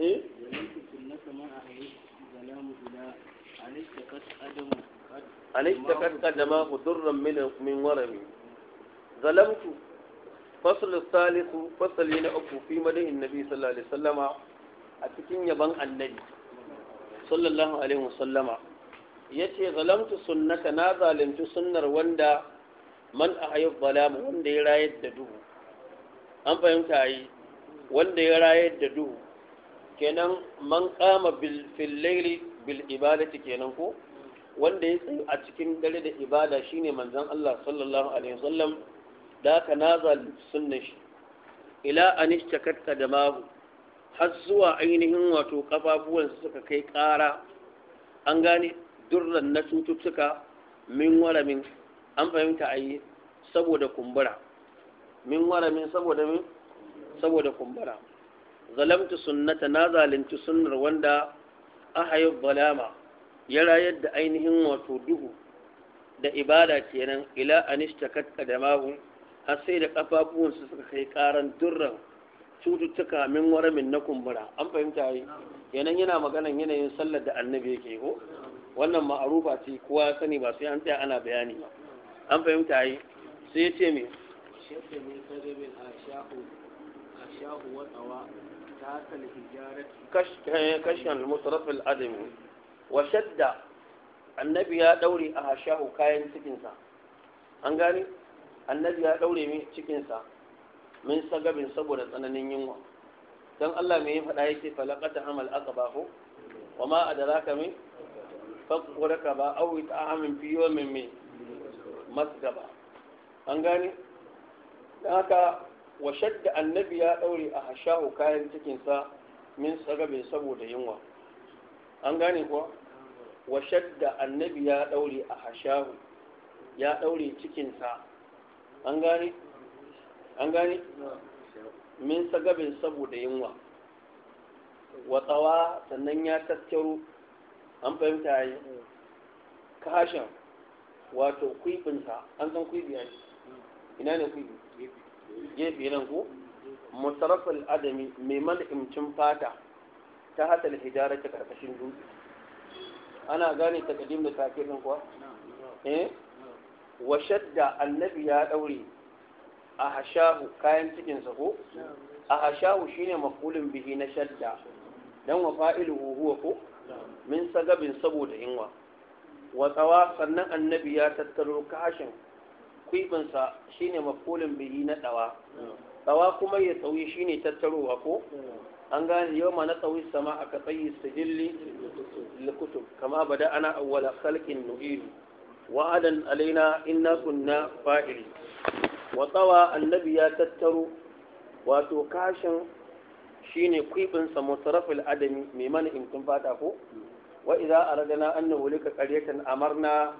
eh alaita kaskadama hudurran min warami zalamtu fasul salisu fasali na uku fi madahin nabi sallallahu alaihi a cikin yaban annabi sallallahu alaihi wasallama yace zalamtu sunnata na zalunci sunnar wanda man ahayyu zalama wanda ya rayar da duhu an fahimta yi wanda ya rayar da duhu kenan man kama fil laili bil ibadati kenan ko wanda ya tsayu a cikin dare da ibada shine manzon Allah sallallahu alaihi wasallam da ka nazal sunnan shi ila an ishtakatta damahu har zuwa ainihin wato kafafuwan suka kai kara. an gane durran na cututtuka min waramin an fahimta a yi saboda kumbura min waramin saboda min saboda kumbura zalamtu sunnata na zalunci sunnar wanda ahayi balama ya rayar da ainihin wato duhu da ibada kenan ila da qadamahu har sai da kafafuwansu suka kai karan durran cututtuka min waramin na kumbura an fahimta yi yanan yana maganan yanayin sallar da annabi yake ko wannan ma'arufa ce kowa sani ba sai an tsaya ana bayani ba an fahimta yi sai ya ce me shafe ne kashin mutarafil adami wa shadda annabi ya daure a hashahu kayan cikinsa an gane annabi ya daure min cikinsa min sagabin saboda tsananin yunwa don Allah mai ya faɗa yake falakata hamal aka ba ko wa ma a da za ka min fakuraka ba auwi ta amin fiyo min mai masgaba an gane don haka wa shadda annabi ya daure a hashahu kayan cikinsa min tsagabe saboda yunwa an gane kuwa wa shadda annabi ya daure a hashahu ya daure cikinsa an gane an gane min tsagabe saboda yunwa wa tsawa sannan ya tattaro an fahimta yi kashin wato kwibinsa an san kwibi ina ne kwibi gefe nan ko mutarafal adami mai mal'imcin fata ta hatal hijara ta karkashin dutse ana gane takadim da sake ɗin kuwa eh wa shadda annabi ya daure a hashahu kayan cikinsa ko a hashahu shine maqulun bihi na shadda dan wa fa'iluhu huwa ko min sagabin saboda inwa wa tsawa sannan annabi ya tattaro kashin kwibinsa shine mafulin bihi na dawa dawa kuma ya tsawi shine tattarowa ko an gane yau ma na tsawi sama a katsayi sijilli likutub kama bada ana awwala khalqin nu'idu wa'adan alaina inna kunna fa'ili wa tsawa annabi ya tattaro wato kashin shine kwibinsa mutarafil adami mai mana in kun fata ko wa idza na an nuhlika qaryatan amarna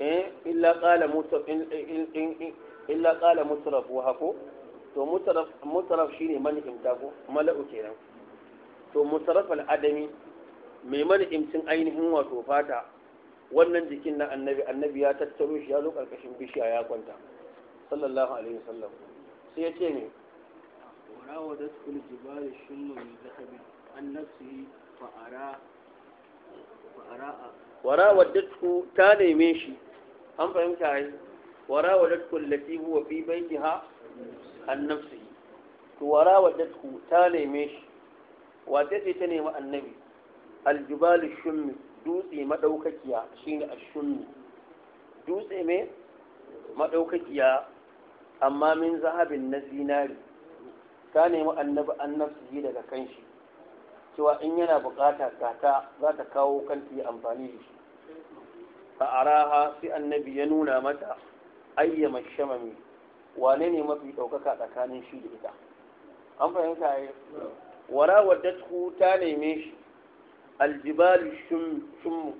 Eh, illa qala mutraf illa qala mutraf wa hako to mutraf mutraf shine man imta ko mala'u kenan to mutraf al-adami mai man imtin ainihin wato fata wannan jikin na annabi annabi ya tattaro shi ya zo karkashin bishiya ya kwanta sallallahu alaihi wasallam sai ya ce ne mai الجبال الشم من ذهب عن نفسه فأرى فأرى وراودته تاني ميشي an fahimta ai wara wadatku lati huwa fi ha an nafsi to wara wadatku ta neme shi wata ce ta nemi annabi aljubalu shummi dutse shi ne a ashummi dutse mai maɗaukakiya amma min zahabin na zinari ta nemi annabi annabci daga kanshi cewa in yana bukata ta za ta kawo kanta yi amfani da shi fa'araha sai annabi ya nuna mata ayyama shamami wane ne mafi ɗaukaka tsakanin shi da ita an fahimta ya wara wadda ta neme shi Aljibali shummu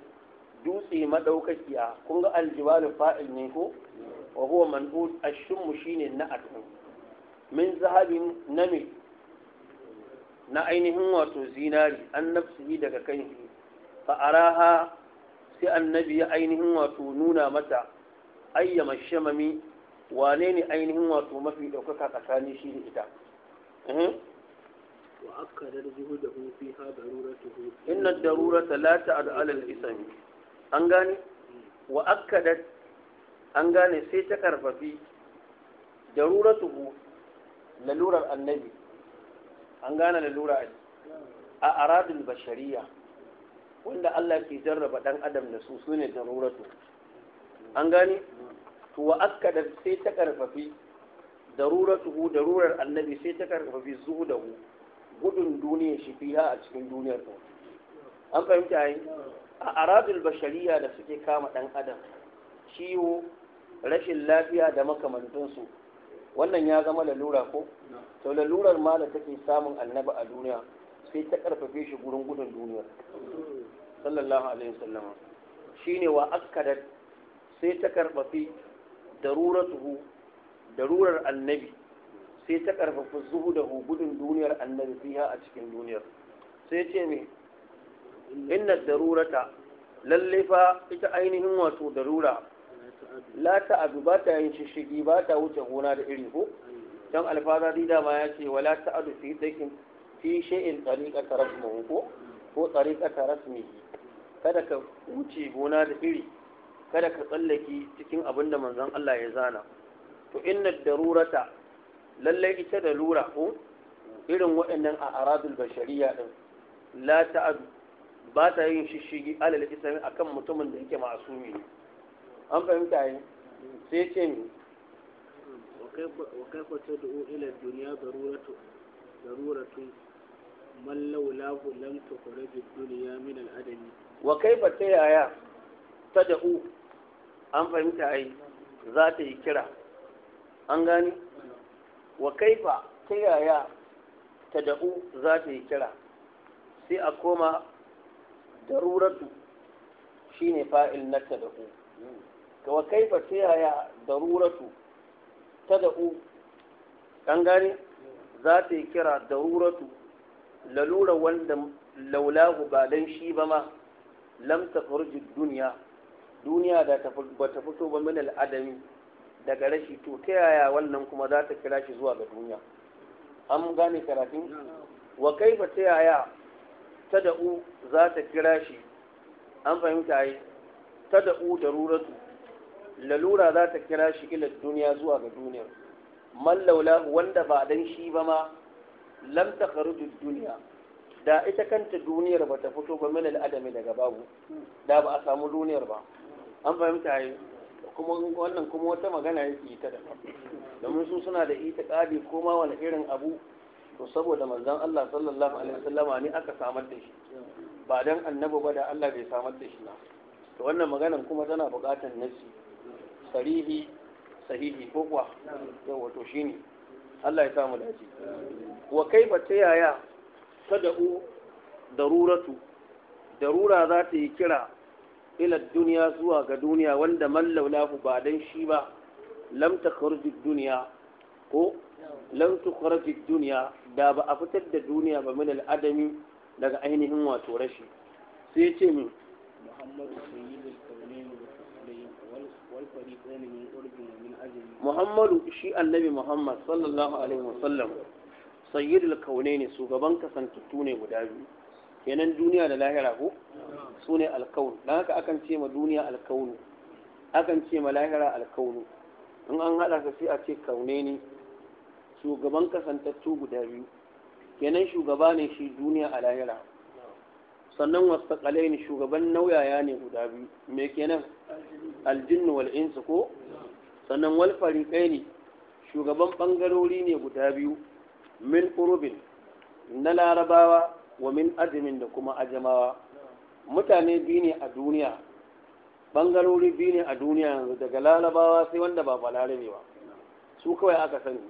dutse madaukakiya kun ga Aljibali fa'il ne ko wa huwa man'ud ashummu shine na atun min zahabin nami na ainihin wato zinari an nafsihi daga kanshi fa araha sai annabi ya ainihin wato nuna mata ayyama shamami wane ne ainihin wato mafi ɗaukaka tsakanin shi da ita eh? wa da hufi ha darura ta hufi inna darura ta la ta al'alal isami an gane da an gane sai ta karfafi darura ta hufi lalurar annabi an gane lalura a aradin bashariya wanda Allah ke jarraba dan adam da su sune daruratu an gani? to wa da sai ta karfafi daruratuhu darurar annabi sai ta karfafi zuhudahu gudun duniyar shi fiha a cikin duniyar ta an fahimta yi a arabul bashariya da suke kama dan adam ciwo rashin lafiya da makamantansu wannan ya zama lalura ko to lalurar ma da take samun annabi a duniya sai ta karfafe shi gurin gudun duniya sallallahu alaihi wasallam shine wa akkadat sai ta karfafi daruratuhu darurar annabi sai ta karfafi zuhudahu gudun duniyar annabi fiha a cikin duniyar sai ce me inna darurata lalle fa ita ainihin wato darura la ta abu ba ta yin shishigi ba ta wuce gona da iri ko dan alfaza dida ma ya ce wala ta adu fi dakin fi shay'in tariqata rasmuhu ko ko tariqata rasmihi kada ka wuce gona da iri kada ka tsallake cikin abin da manzon Allah ya zana to inna darurata lallai ita da lura ko irin waɗannan a aradul bashariya din la ta'ad ba ta yin shishigi alal islami akan mutumin da yake ma'asumi ne an fahimta yi sai ce ni وكيف تدعو إلى الدنيا ضرورة ضرورة من لولاه لم تخرج الدنيا من العدم wa ba ta yaya ta da'u an fahimta ai za ta yi kira an gani wa ba ta yaya ta da'u za ta yi kira sai a koma daruratu shine fa'il na ta da'u wa ba ta yaya daruratu ta da'u an gani za ta yi kira daruratu lalura wanda laulahu ba don shi ba ma lam tafarji duniya duniya da ba ta fito ba min al'adami daga rashi to ta yaya wannan kuma za ta kira shi zuwa ga duniya an gane karatun wa kaifa ta yaya ta da'u za ta kira shi an fahimta yi ta da'u da ruratu lalura za ta kira shi ila duniya zuwa ga duniya mallaula wanda ba dan shi ba ma lam ta duniya da ita kanta duniyar ba ta fito ba min adami daga babu da ba a samu duniyar ba an fahimta yi kuma wannan kuma wata magana yake ta da domin su suna da ita kadi ko ma wani irin abu to saboda manzon Allah sallallahu alaihi wasallama ne aka samar da shi ba dan annabi ba da Allah bai samar da shi ba to wannan maganan kuma tana buƙatar nasi sarihi sahihi ko kuwa yawa to shine Allah ya samu dace wa kaifa ta yaya tada'u daruratu darura za ta yi kira ila duniya zuwa ga duniya wanda mallaulahu ba dan shi ba lam takhruju duniya ko lam tukhraju duniya da ba a fitar da duniya ba min al'adami daga ainihin wato rashi sai ya ce min muhammadu muhammadu shi annabi muhammad sallallahu alaihi wasallam kaune ne shugaban kasantattu ne guda biyu kenan duniya da lahira ko su ne alkaun don haka akan ce ma duniya alkaunu akan ce ma lahira alkaunu in an haɗa ka sai a ce kaune shugaban kasantattu guda biyu kenan shugaba ne shi duniya a lahira sannan wasu ne shugaban nauyaya ne guda biyu me kenan aljinnu wal insu ko sannan wal fariqaini shugaban bangarori ne guda biyu min urubin na larabawa wa min ajimin da kuma ajamawa mutane biyu ne a duniya bangarori biyu ne a duniya yanzu daga larabawa sai wanda ba balarabe ba su kawai aka sani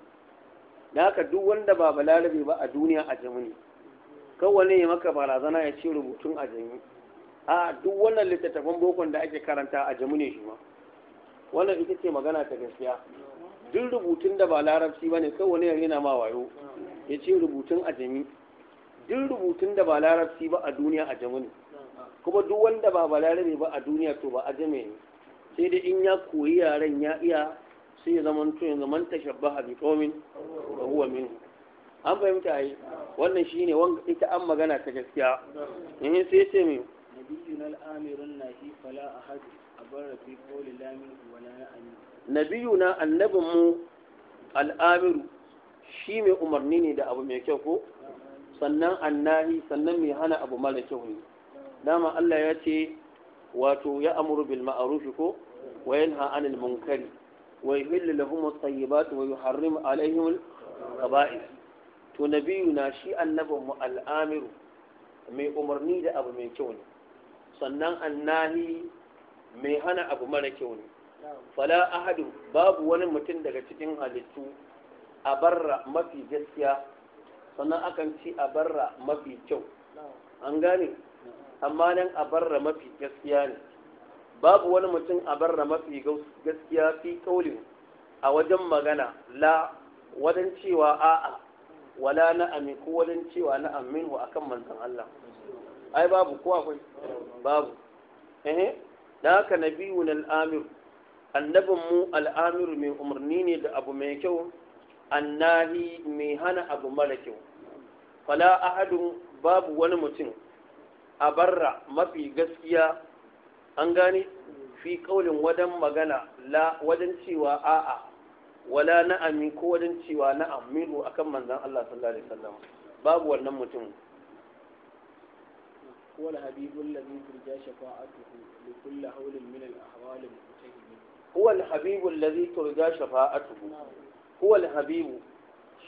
da haka duk wanda ba balarabe ba a duniya a jami ne ya maka barazana ya ce rubutun a jami a duk wannan littattafan bokon da ake karanta a jami ne shi ma wannan ita ce magana ta gaskiya duk rubutun da ba larabci ba ne kawai wani yana ma wayo ya ce rubutun ajami duk rubutun da ba larabci ba a duniya jami ne kuma duk wanda ba balarabe ba a duniya to ba jami ne sai dai in ya koyi yaren ya iya sai ya zama to yanzu man tashabbaha a bitomin wa huwa min an fahimta yi wannan shine wanda ita an magana ta gaskiya in eh, sai ce mai nabiyuna al na nahi fala a abara fi qawli lamin wa la nabiyuna annabinmu al'amiru shi mai umarni ne da abu mai kyau ko sannan annahi sannan mai hana abu mara kyau ne dama Allah ya ce wato ya amuru bil ma'ruf ko wa yanha anil munkari wa yuhillu lahum at-tayyibat wa yuharrimu alaihim al-qaba'is to Nabiyu na shi annabin annabinmu al'amiru mai umarni da abu mai kyau ne sannan annahi mai hana abu mara kyau ne fala ahadu babu wani mutum daga cikin halittu a barra mafi gaskiya sannan akan ci a barra mafi kyau an gane amma nan a barra mafi gaskiya ne babu wani mutum a barra mafi gaskiya fi kaulin a wajen magana la wajen cewa a'a wala na amin ko wajen cewa na aminu akan manzon Allah ai babu ko akwai babu eh da haka nabiyun al-amir annabin mu al'amiru mai umarni ne da abu mai kyau annahi mai hana abu mara kyau fala ahadun babu wani mutum a barra mafi gaskiya an gane fi kaulin wadan magana la wajen cewa a'a wala na'ami ko wajen cewa na'am minhu akan manzon Allah sallallahu alaihi wasallam babu wannan mutum wal habibul ladhi turja shafa'atuhu li kulli hawlin min al ahwal huwa al-habibu allazi turja shafa'atuhu huwa al-habibu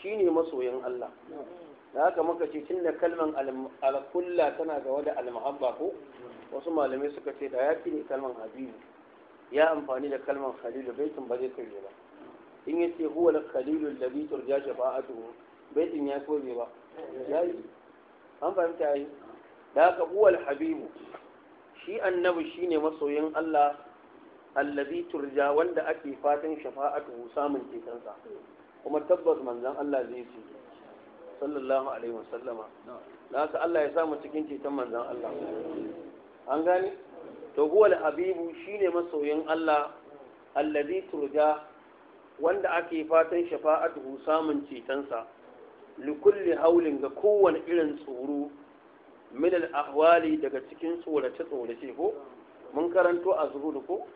shine masoyin Allah da haka muka ce tunda kalman al tana ga da al ko wasu malamai suka ce da ya ne kalman habibu ya amfani da kalman khalilu baitin ba zai kare ba in yace huwa al-khalilu allazi turja shafa'atuhu baitin ya kore ba yayi an fahimta yayi da haka huwa habibu shi annabi shine masoyin Allah allazi turja wanda ake fatan shafa'atu samun cetonsa kuma tabbas manzon Allah zai ce sallallahu alaihi wasallama na ka Allah ya samu cikin ceton manzon Allah an gani to huwa habibu shine masoyin Allah allazi turja wanda ake fatan shafa'atu samun cetonsa likulli haulin ga kowane irin tsoro min al-ahwali daga cikin tsorace-tsorace ko mun karanto a zuhud ko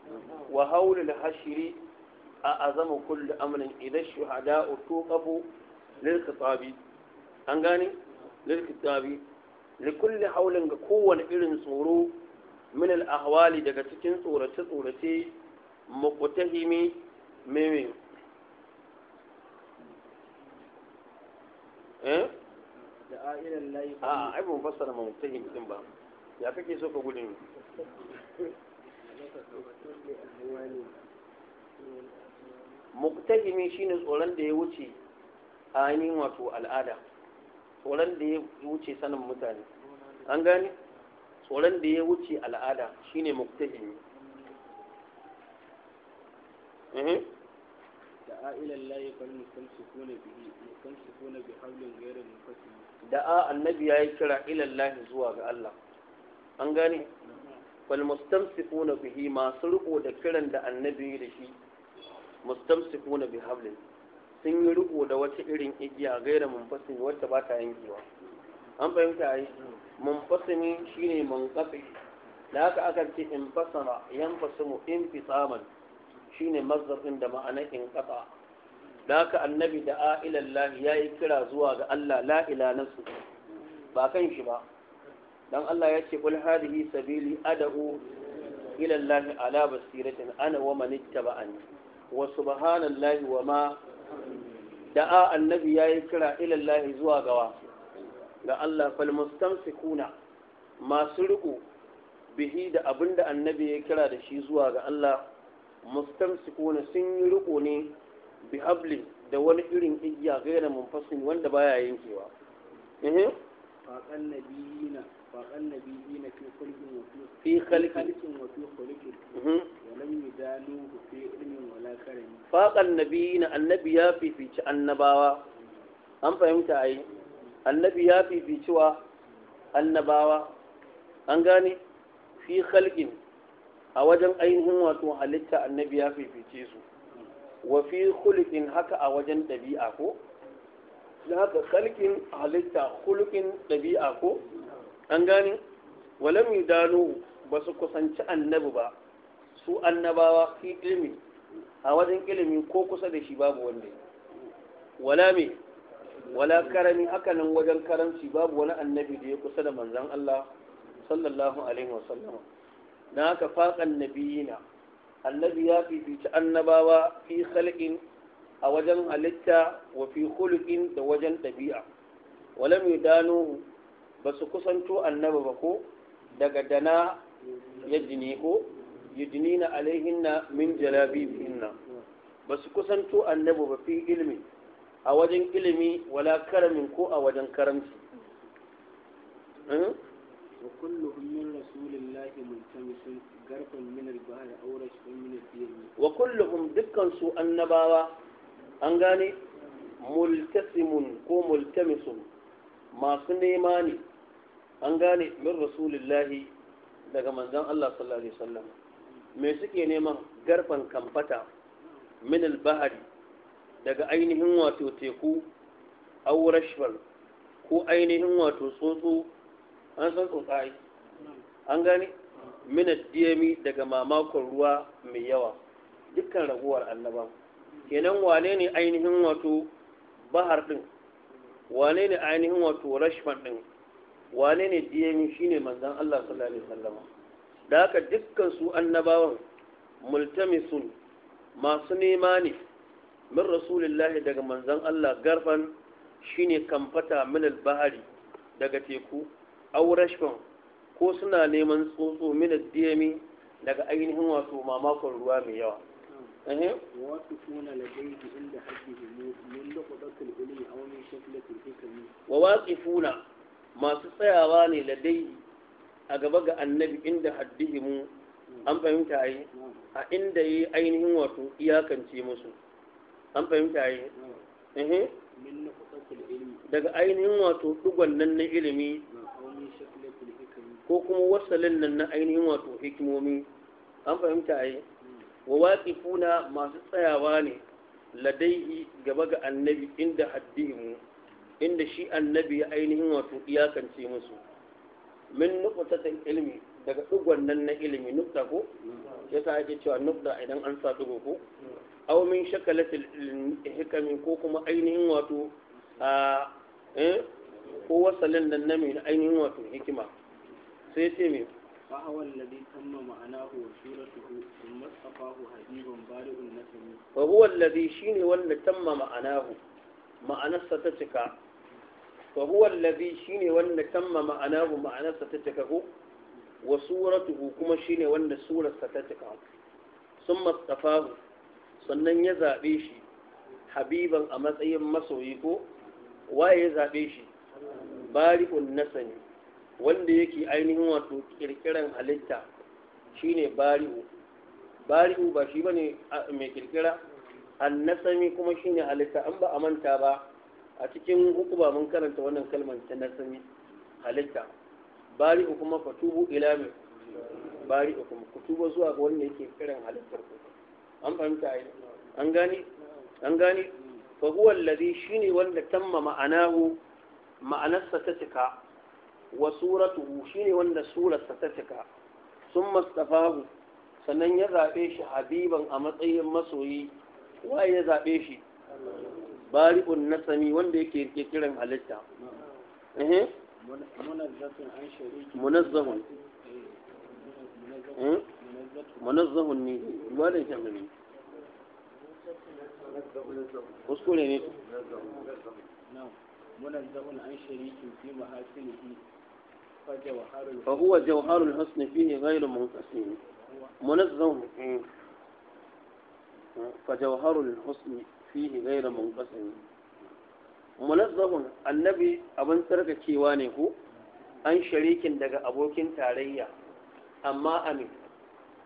wa haulul hashiri a azama kullu amrin idan shuhada'u tuqafu lil khitabi an gane lil khitabi li kulli haulin ga kowane irin tsoro min al ahwali daga cikin tsorace tsorace muqtahimi meme eh da a'ilan layi a ai mun fassara muqtahim din ba ya kake so ka gudu ne muktahimi shine tsoron da ya wuce a ainihin wato al'ada tsoron da ya wuce sanin mutane an gane tsoron da ya wuce al'ada shine muktahimi mhm. da'a da Allah fal ya yi kira ilallahi zuwa ga Allah an gane wal mustamsikuna bihi masu riko da kiran da annabi da shi mustamsifuna bi hablin sun yi riko da wata irin igiya gaira munfasimi wacce ba ta yankewa an fahimta ai munfasimi shine munqati da haka aka ce in fasara yanfasimu in fisaman shine mazzafin da ma'ana in qata da haka annabi da a'ilallahi yayi kira zuwa ga Allah la ilaha ba kan shi ba dan Allah ya ce qul hadhihi sabili adahu ila Allah ala basiratin ana wa man ittaba'ani wa subhanallahi wa ma da'a annabi yayi kira ila Allah zuwa gawa ga Allah fal mustamsikuna masu riko bihi da abinda annabi ya kira da shi zuwa ga Allah mustamsikuna sun yi riko ne bi hablin da wani irin igiya gaira munfasin wanda baya yankewa eh faqan nabiyina فقال النبيين في خلق وفي خلق وفي خلق ولم يدانوه في علم ولا كرم فاق النبيين النبي يا في في النباوة أم فهمت أي النبي يا في في شوى النباوة an gane fi khalqin a wajen ainihin wato halitta annabi ya fifice su wa fi khulqin haka a wajen dabi'a ko da haka khalqin halitta khulqin ɗabi'a ko an gane walam dano ba su kusanci annabi ba su annabawa fi ilmi a wajen ilimi ko kusa da shi babu wanda wala me wala karami hakanan wajen karamci babu wani annabi da ya kusa da manzan Allah sallallahu alaihi wasallam dan haka faqan nabiyina annabi ya fifici annabawa fi khalqin a wajen halitta wa fi khuluqin da wajen dabi'a walam yudanu ba su kusanto annaba ba ko daga dana ya jini ko yudnina alaihinna min jalabibihinna ba su kusanto annaba ba fi ilmi a wajen ilimi wala karamin ko a wajen karamci hmm? wa kulluhum min rasulillahi multamisun garfan min al-bahr awrash rashfan min al-yam wa kulluhum dukkan su annabawa an gane multasimun ko multamisun masu nema ne an gane min rasulillahi daga manzon Allah sallallahu alaihi wasallam me suke neman garfan kamfata min al-bahri daga ainihin wato teku aw ko ainihin wato tsotso an san tsotsai an gane min diyami daga mamakon ruwa mai yawa dukkan raguwar annaba kenan wane ne ainihin wato bahar din wane ne ainihin wato rashfan din wane ne shi ne Manzan Allah sallallahu alaihi wasallama da haka dukkan su annabawan multamisun masu nema ne min rasulillahi daga Manzan Allah garfan shi ne kamfata min bahari daga teku aw rashfan ko suna neman tsotso min diyami daga ainihin wato mamakon ruwa mai yawa wa waƙifuna masu tsayawa ne dai a gaba ga annabi inda mu, an fahimta yi a inda yi ainihin wato iyakance musu an fahimta yi daga ainihin wato dugon nan na ilimi ko kuma wasalin nan na ainihin wato hikimomi an fahimta yi wa waƙifuna masu tsayawa ne ladaihi gaba ga annabi inda mu. inda shi annabi ya ainihin wato iyakance musu min nuqtatin ilimi daga dugon nan na ilimi nukta ko yasa ake cewa nukta idan an sa dugo ko aw min shakalatil hikami ko kuma ainihin wato a eh ko wasalin nan na min ainihin wato hikima sai ce me فهو ma'anahu wa suratuhu thumma safahu اصطفاه حبيب nasmi fa huwa alladhi shine wanda tamma ma'anahu ma'anarsa ta cika fa huwa allazi shine wanda tamma ma'anahu ma'anarsa ta cika ko wa suratuhu kuma shine wanda surarsa ta cika sun tafahu sannan ya zabe shi habiban a matsayin masoyi ko waye ya zabe shi na nasani wanda yake ainihin wato kirkiran halitta shine bari'u bari'u ba shi bane mai kirkira annasami kuma shine halitta an ba a manta ba a cikin ba mun karanta wannan kalmar ta nasami halitta bari ku kuma fatubu ila mai bari ku kuma ku tuba zuwa ga wanda yake kiran halittar ku an fahimta ai an gane an gane fa huwa alladhi shine wanda tamma ma'anahu ma'anarsa ta cika wa suratuhu shine wanda surarsa ta cika sun mastafahu sannan ya zabe shi habiban a matsayin masoyi waye ya zaɓe shi bari'un nasami wanda yake yake kiran halitta eh munazzahun munazzahun ne wannan jami'i kuskure ne munazzahun an fi mahasinihi الحسن فيه غير منقسم منزه فجوهر husni فيه غير منقسم munazzabun annabi abin tsarkakewa ne ko an sharikin daga abokin tarayya amma amin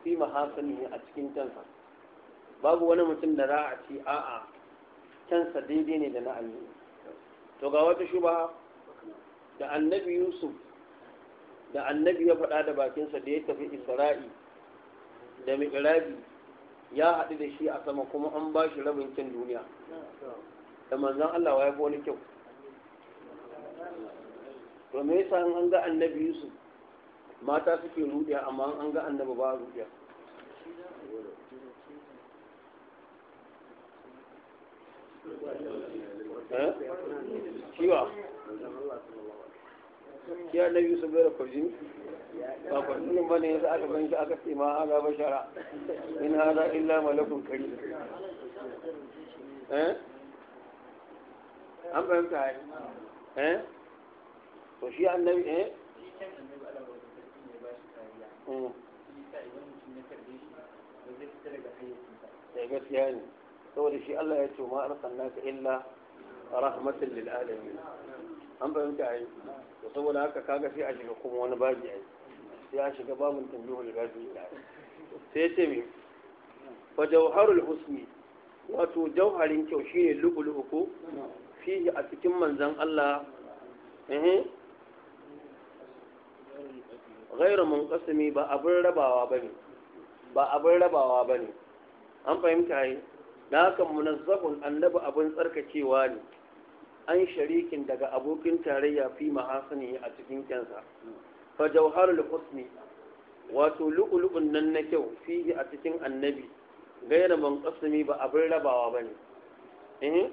fi mahasani a cikin babu wani mutum da za a ce a'a kansa daidai ne da na to ga wata shuba da annabi yusuf da annabi ya faɗa da bakinsa da ya tafi isra'i da mi'rabi ya haɗu da shi a sama kuma an ba shi rabin cin duniya da manzan Allah wa ya fi wani kyau to me yasa an ga annabi Yusuf mata suke rudiya amma an ga annabi ba rudiya eh ciwa ya na yusuf da kwarjini ba kwarjinin ba ne yasa aka ban shi aka ce ma haza bashara in haza illa malakun kari eh an fahimta ya eh to shi annabi eh da hmm. eh, gaskiya ne saboda shi Allah ya ce ma arsalnaka illa rahmatan lil alamin an fahimta a yi to saboda haka kaga sai a shiga kuma wani babi a yi sai a shiga babin da gafi da sai ce mai fa jawharul husni wato jawharin kyau shine lu'lu'u ko fihi a cikin manzon Allah eh ghairu munqasimi ba abin rabawa bane ba abin rabawa bane an fahimta yi da haka munazzahun annabi abin tsarkakewa ne an sharikin daga abokin tarayya fi mahasani a cikin kyansa fa jawharul husni wato lu'ulu'un nan na kyau fihi a cikin annabi gaira man qasmi ba abin rabawa bane eh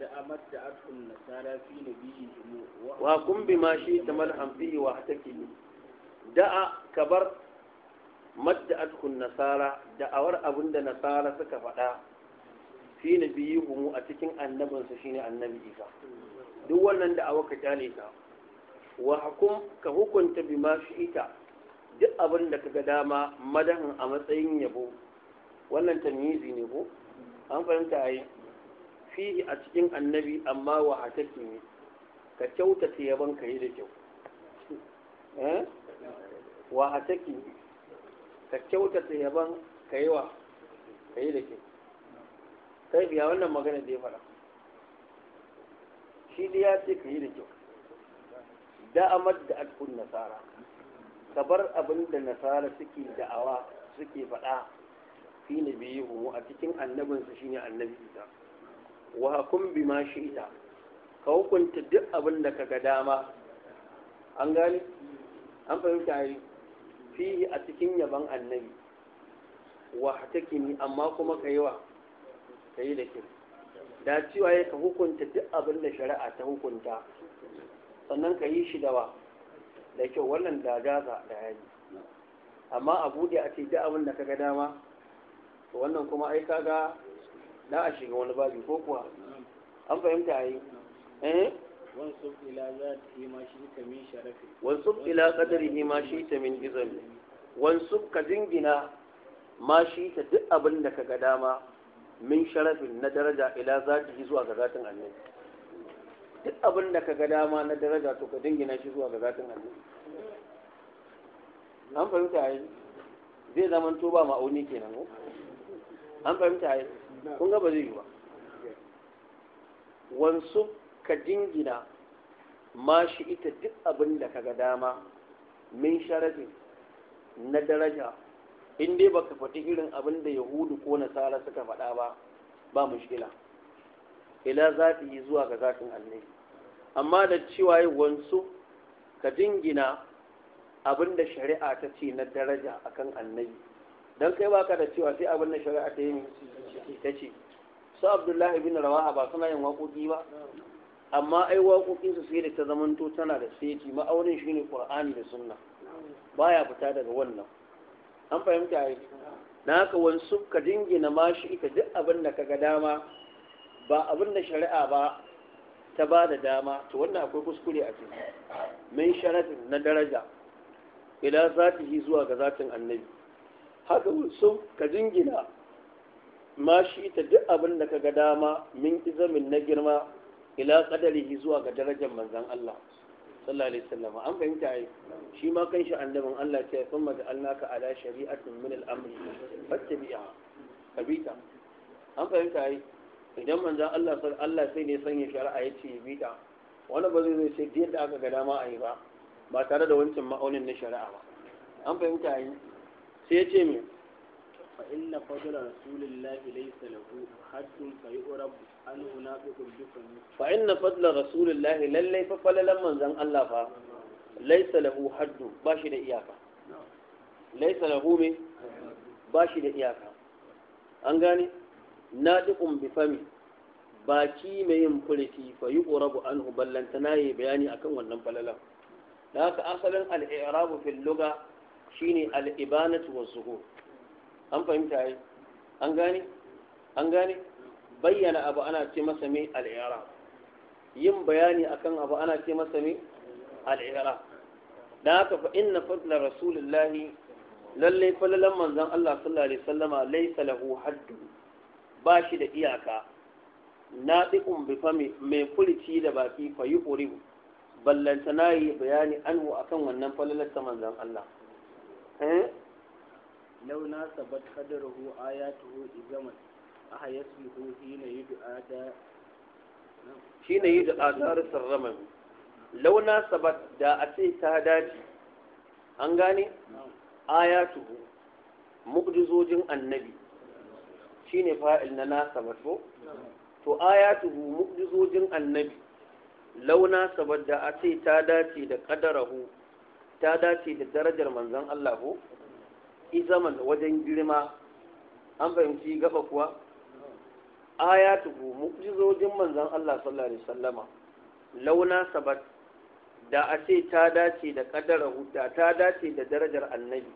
da amatta da nasara fi nabiyyi wa kun bi ma shi tamal hamfihi wa hatakili da'a kabar madda atkun nasara da'awar abinda nasara suka faɗa fi gumu a cikin annabinsa shine annabi Isa duk wannan da awaka kyale ta wa hukum ka hukunta bima ita duk abin da kaga dama madahin a matsayin yabo wannan tamyizi ne ko an fahimta yi. fihi a cikin annabi amma wa hataki ne ka kyautata yaban ka yi da kyau eh? wa hataki ka kyautata yaban ka yi wa ka yi da kyau Sai biya wannan magana da ya faɗa shi da ya ce ka yi da kyau da'amar da alkun nasara ka bar abin da nasara suke da'awa suke faɗa fi na biyu a cikin annabinsu ne annabi ita wa hakun bi ma shi ita ka hukunta duk abin da ka ga dama an gani, an fahimta yi fi a cikin yaban annabi wa hatakini amma kuma ka yi ka yi da kiri da cewa ya ka hukunta duk abin da shari'a ta hukunta sannan ka yi shi da wa da kyau wannan da gaza da yayi amma a bude a ce duk abin da kaga dama to wannan kuma ai ga? Na a shiga wani babi ko kuwa an fahimta a yi eh za ila zati ma shi ta min sharafi wansub ila yi ma shi ta min izami wansu ka jingina ma shi ta duk abin da kaga dama min sharafin na daraja ila yi zuwa ga zatin annabi duk abin da ka ga dama na daraja to ka dingina shi zuwa ga zatin annabi an fahimta yi zai zaman to ba ma'auni kenan ko an fahimta yi kun ga ba zai yi ba wansu ka dingina ma shi ita duk abin da ka ga dama min sharafin na daraja in dai baka faɗi irin abin da yahudu ko nasara suka faɗa ba ba mushkila ila zati zuwa ga zafin annabi amma da cewa yi wansu ka jingina abin da shari'a ta ce na daraja akan annabi don kai baka da cewa sai abin da shari'a ta yi ta ce su abdullahi bin rawaha ba suna yin waƙoƙi ba amma ai waƙoƙin su sai da ta zamanto tana da seji ma'aunin shine qur'ani da sunna baya fita daga wannan an fahimta yi na haka wani ka dingina mashi ita duk abin da kaga dama ba abin da shari'a ba ta ba da dama to wannan akwai kuskure a cikin min sharafin na daraja ila yi zuwa ga zatin annabi haka sun ka dingina mashi ita duk abin da kaga dama min izamin na girma ila kadari zuwa ga darajar manzan Allah sallallahu alaihi wasallam an fahimta ai shi ma kanshi annabin Allah ce thumma ja'alnaka ala shari'atin min al-amri fattabi'a kabita an fahimta ai idan manzon Allah Allah sai ne sanya shari'a ya ce bita wani ba zai zo sai da yadda aka ga dama a yi ba ba tare da wancan ma'aunin na shari'a ba an fahimta ai sai ya ce me فإن فضل رسول الله ليس له حد فيعرب عنه نافق بفمه فإن فضل رسول الله للي ففلل من زن الله فا ليس له حد باشي إياك ليس له إياك baki mai yin furiki fa yi ƙorabu an na yi bayani akan wannan falalan da haka asalin al'irabu fil luga shine al'ibanatu wa zuhur an fahimta yi an gane an gane bayyana abu ana ce masa mai al'ira yin bayani akan abu ana ce masa mai al'ira da haka fa inna fadla rasulullahi lallai falalan manzon Allah sallallahu alaihi wasallama laysa lahu haddu ba shi da iyaka nadiqun bi fami mai kulci da baki fa yuquri ballantana yi bayani anhu akan wannan falalar ta manzon Allah eh لو ناسبت قدره آياته إزما أها يسمه حين يدعى دا حين يدعى دار الرمم لو ناسبت دا أتي تهداتي an gane ayatuhu mu'jizojin annabi shine fa'il na nasa mato to ayatuhu mu'jizojin annabi launa saboda a ce ta dace da kadarahu ta dace da darajar manzon Allah ko izaman wajen girma an fahimci gaba kuwa ayatuhu mu'jizojin manzan Allah sallallahu alaihi wasallama launa sabat da a ce ta dace da kadara da ta dace da darajar annabi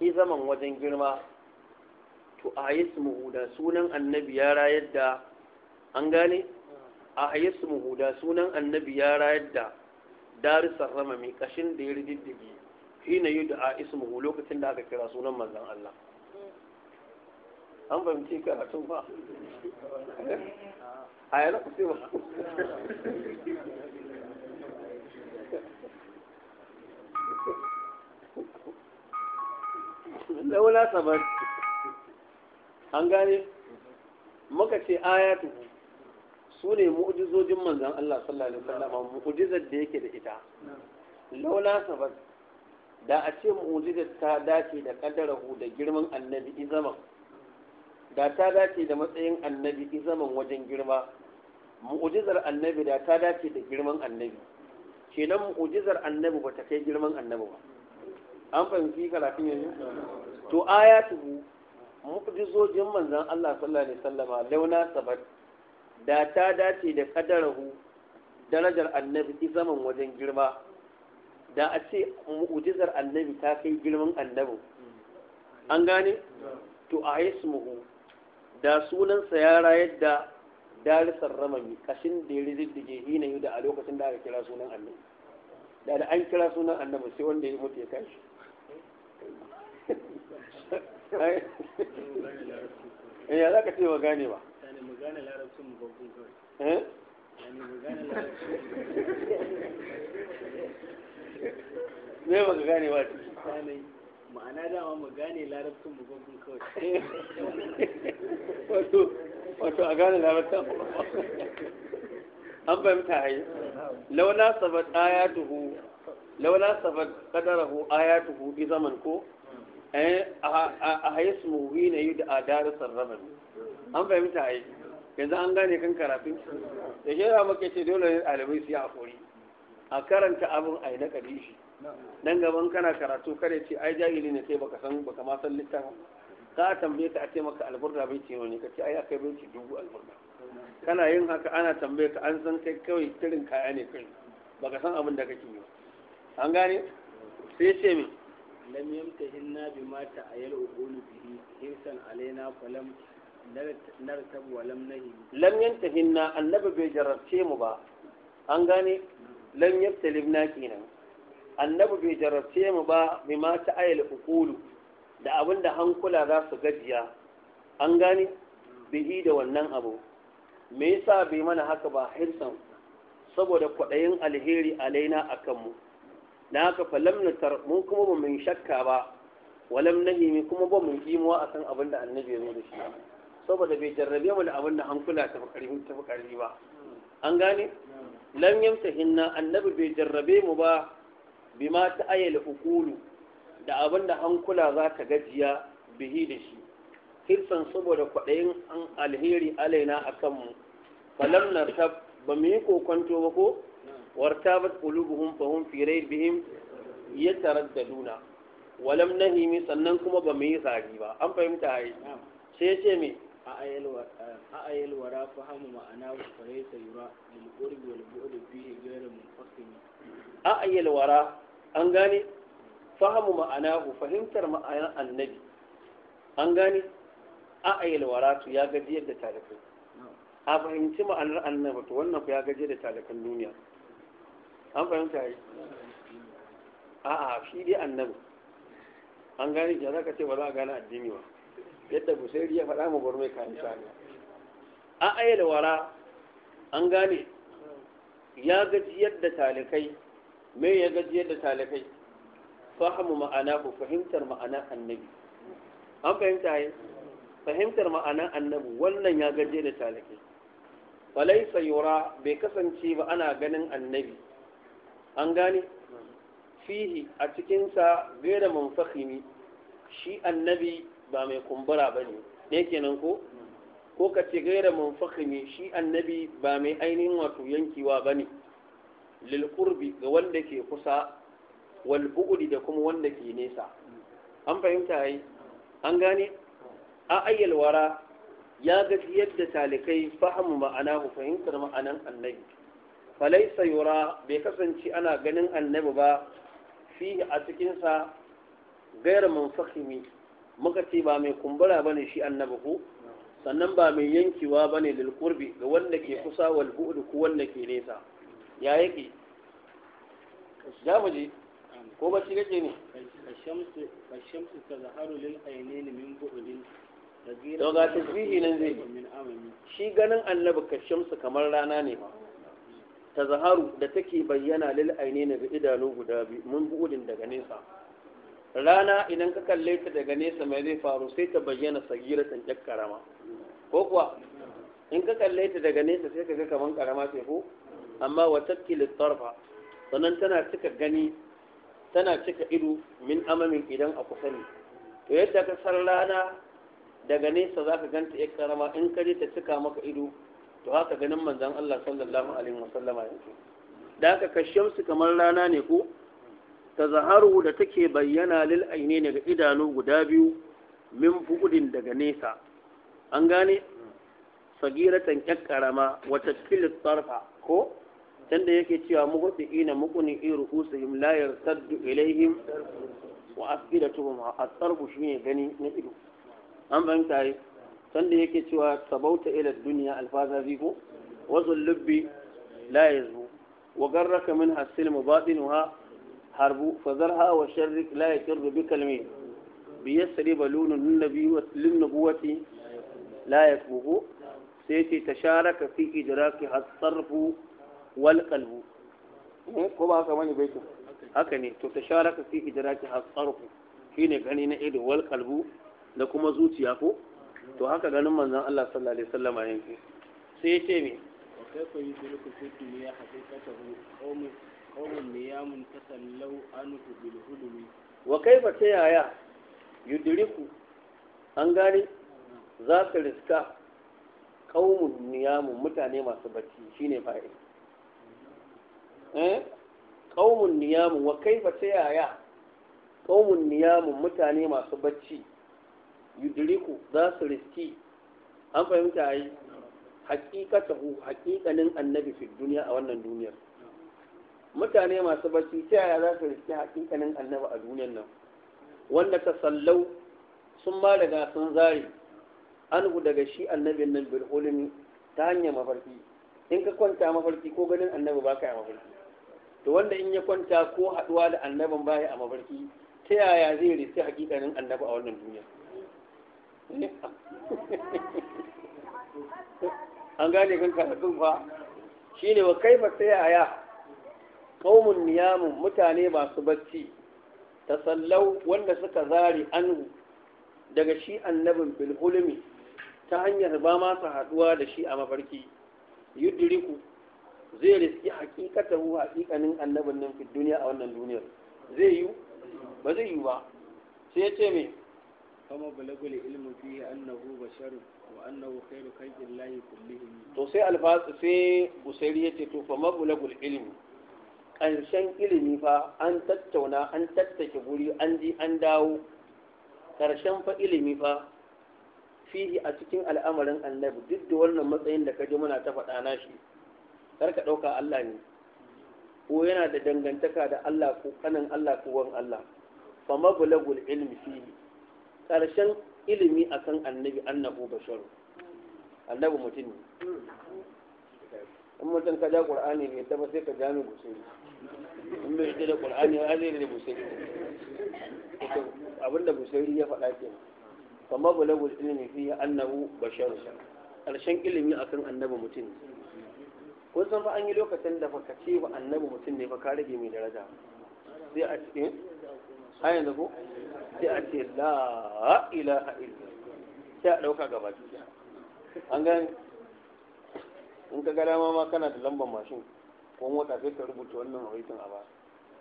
izaman wajen girma to a da sunan annabi ya rayar da an gane a hayismuhu da sunan annabi ya rayar da darussan rama mai kashin da ya rididdige hina yud'a ismuhu lokacin da aka kira sunan manzon Allah an fahimci karatu ba a yana ku ce ba launa sabar an gane muka ce ayatu su ne mu'ujizojin Manzan Allah sallallahu alaihi wasallam mu'ujizar da yake da ita launa sabar da a ce mu'ujizar ta dace da kadarahu da girman annabi izaman da ta dace da matsayin annabi izaman wajen girma mu'ujizar annabi da ta dace da girman annabi kenan mu'ujizar annabi ba ta kai girman annabi ba an fahimci karatun yanzu to ayatuhu mu'jizojin manzon Allah sallallahu alaihi wasallama launa sabat da ta dace da kadarahu darajar annabi izaman wajen girma da a ce mu'ujizar annabi ta kai girman annabin an gane to a ismuhu da sunansa ya rayar da darisar ramami kashin da ya riziddige hina da a lokacin da aka kira sunan annabi da da an kira sunan annabi sai wanda ya mutu ya kashi ya za ka ce ba gane ba zai baka gane ba ciki ma'ana dama mu gane larabcin mu gwaggun kawai wato wato a gane larabcin an fahimta hayi laula sabat ayatuhu laula sabat qadarahu ayatuhu bi zaman ko eh, a su eh na yi da a darisar rabbi an fahimta hayi yanzu an gane kan karafin da shi ya maka ce dole ne ɗalibai su yi a kori a karanta abin a yi na shi dan gaban kana karatu kare ce ai jahili ne sai baka san baka ma san littafin ka tambaye ka a ce maka alburda bai ce wani ce ai akai bai ce dubu alburda kana yin haka ana tambaye ka an san kai kawai kirin kaya ne kai baka san abin da kake yi an gane sai ce min lam yamtahinna bima ta'ayyal uqulu bihi hinsan alaina falam nartab walam nahi lam yantahinna annabi bai jarabce mu ba an gane lam yabtalibna kenan annabi bai jarabce mu ba bi ma ta ayal uqulu da abin da hankula za su gajiya an gane bihi da wannan abu me yasa bai mana haka ba hirsan saboda kwaɗayin alheri alaina a kanmu na haka falam na kuma ba mun shakka ba walam nahimi kuma ba mun kimuwa a kan abin da annabi ya zo da shi saboda bai jarrabe mu da abin da hankula ta fi ƙarfi ba an gane lam yamtahinna annabi bai jarrabe mu ba bima ta ayyala ukulu da abinda da hankula za ta gajiya bihi da shi hirsan saboda kwaɗayin an alheri alaina a kanmu falam na tab ba mu yi kokonto ba ko wartabat qulubuhum fa hum fi raybihim yataraddaduna walam nahimi sannan kuma ba mu yi ba an fahimta ai sai ce me a ayyalwara fahimu ma'ana kware ta yura lulgurbi walbuɗe fiye gare mun ne. a ayyalwara an gane fahimu ma'ana ku fahimtar ma'ayan annabi an gane a ayyalwara tu ya gaji yadda talakai. a fahimci ma'anar annabi to wannan ku ya gaji da talibin duniya an fahimta yi a a fi dai annabi an gane ya za ka ce ba za a gane addini ba yadda busairi ya faɗa mu gurme ka kayan shani a da wara an gane ya gajiyar da talikai me ya gajiyar da talikai fahimu ma'ana ku fahimtar ma'ana annabi an fahimta yi fahimtar ma'ana annabi wannan ya gaje da talikai falaisa yura bai kasance ba ana ganin annabi an gane hmm. fihi a cikinsa gaira fahimi shi annabi ba mai kumbura ba ne ne kenan ko ko ka ce gaira fahimi shi annabi ba mai ainihin wato yankewa ba ne lilkurbi ga wanda ke kusa wal da kuma wanda ke nesa an fahimta yi an gane a ayyalwara ya gaji yadda talikai fahimu ma'ana ku fahimtar ma'anan annabi falaisa yura bai kasance ana ganin annabi ba fi a cikinsa gaira fahimi muka ba mai kumbura ba ne shi annabi ku sannan ba mai yankewa ba ne qurbi ga wanda ke kusa wal bu'd ko wanda ke nesa ya yake ya muje ko ba shi kake ne kashamsu ta tazharu lil aynain min bu'din to ga tasbihi nan zai shi ganin annabi kashamsu kamar rana ne Ta zaharu da take bayyana lil ainain da idanu guda biyu mun bu'udin daga nesa rana idan ka kalle ta daga nesa mai zai faru sai ta bayyana sagira tanjar karama ko kuwa in ka kalle ta daga nesa sai ka ga kaman karama sai ko amma wa takkil tarfa sannan tana cika gani tana cika ido min amamin idan a kusa ne to yadda ka san rana daga nesa za ka ganta ya karama in ka je ta cika maka ido to haka ganin manzan Allah sallallahu alaihi wasallama yake da haka kashin su kamar rana ne ko ta zaharu da take bayyana lil aine daga idanu guda biyu min fuɗin daga nesa an gane sagiratan 'yan ƙarama wata kilit tsarfa ko tanda yake cewa mugudu ina mukuni iru usihim la yartaddu ilaihim wa afidatuhum at-tarfu shine gani na ido an fahimta yi sanda yake cewa sabauta ila duniya alfaza ko wasu lubbi la yazbu wa garraka minha silmu batinuha harbu fazarha wa sharrik la yakirru bi kalmi bi yasri balunun nabi wa linnubuwati la yakbuhu sai ce tasharaka fi idraki hasarfu wal qalbu eh, ko ba haka mani baitin haka ne to tasharaka fi idraki hasarfu ne gani na ido wal qalbu da kuma zuciya ko to haka ganin manzon Allah sallallahu alaihi wasallam yake sai ya ce me kaifa yudriku fi dunya haqiqatahu qawmun qawmun niyamun tasallau anhu bil hulumi wa kaifa ta yaya yudriku an gane za ka riska qawmun niyamun mutane masu bacci shine fa'i eh qawmun niyamun wa kaifa ta yaya qawmun niyamun mutane masu bacci yudriku za su riski an fahimta yi hakikatahu hakikanin annabi fi duniya a wannan duniyar mutane masu bacci ta yaya za su riske hakikanin annaba a duniyar nan wanda ta sallau sun ma daga sun zari anhu daga shi annabin nan bil ta hanyar mafarki in ka kwanta mafarki ko ganin annabi ba ka yi mafarki to wanda in ya kwanta ko haɗuwa da annabin baya a mafarki ta yaya zai riske hakikanin annaba a wannan duniya an gane kan karatun fa shine wa kaifa ta yaya qaumun niyamun mutane masu bacci sallau wanda suka zari anhu daga shi annabin bilhulmi ta hanyar ba masa haduwa da shi a mafarki yudriku zai riski hakikatahu hakikanin annabin nan fi duniya a wannan duniyar zai yi ba zai yi ba sai ya ce me kama balagul ilmu fihi annahu basharun wa annahu khairu khalqillahi kullihim to sai alfasu sai usairi yace to fa mablagul ilmu ƙarshen ilimi fa an tattauna an tattake guri an ji an dawo ƙarshen fa ilimi fa fihi a cikin al'amarin annabi duk da wannan matsayin da ka ji muna ta faɗa na shi kar ka ɗauka Allah ne ko yana da dangantaka da Allah ko kanin Allah ko wan Allah fa mablagul ilmi fihi ƙarshen ilimi akan annabi annabu basharu annabi mutum ne in mutum ka ja qur'ani mai ta ba sai ka jami mai gusuri in bai ita da ƙur'ani ba zai da gusuri abinda gusuri ya faɗa ke amma bulagul ne fi annabu basharu ƙarshen ilimi akan annabi mutum kun san fa an yi lokacin da ka ce wa annabi mutum ne fa ka rage mai daraja sai a cikin, eh? a yanzu ko sai a ce la a illa sai a ɗauka gaba an gani in ka ga dama ma kana da lambar mashin ko mota sai ka rubuta wannan hadisin a ba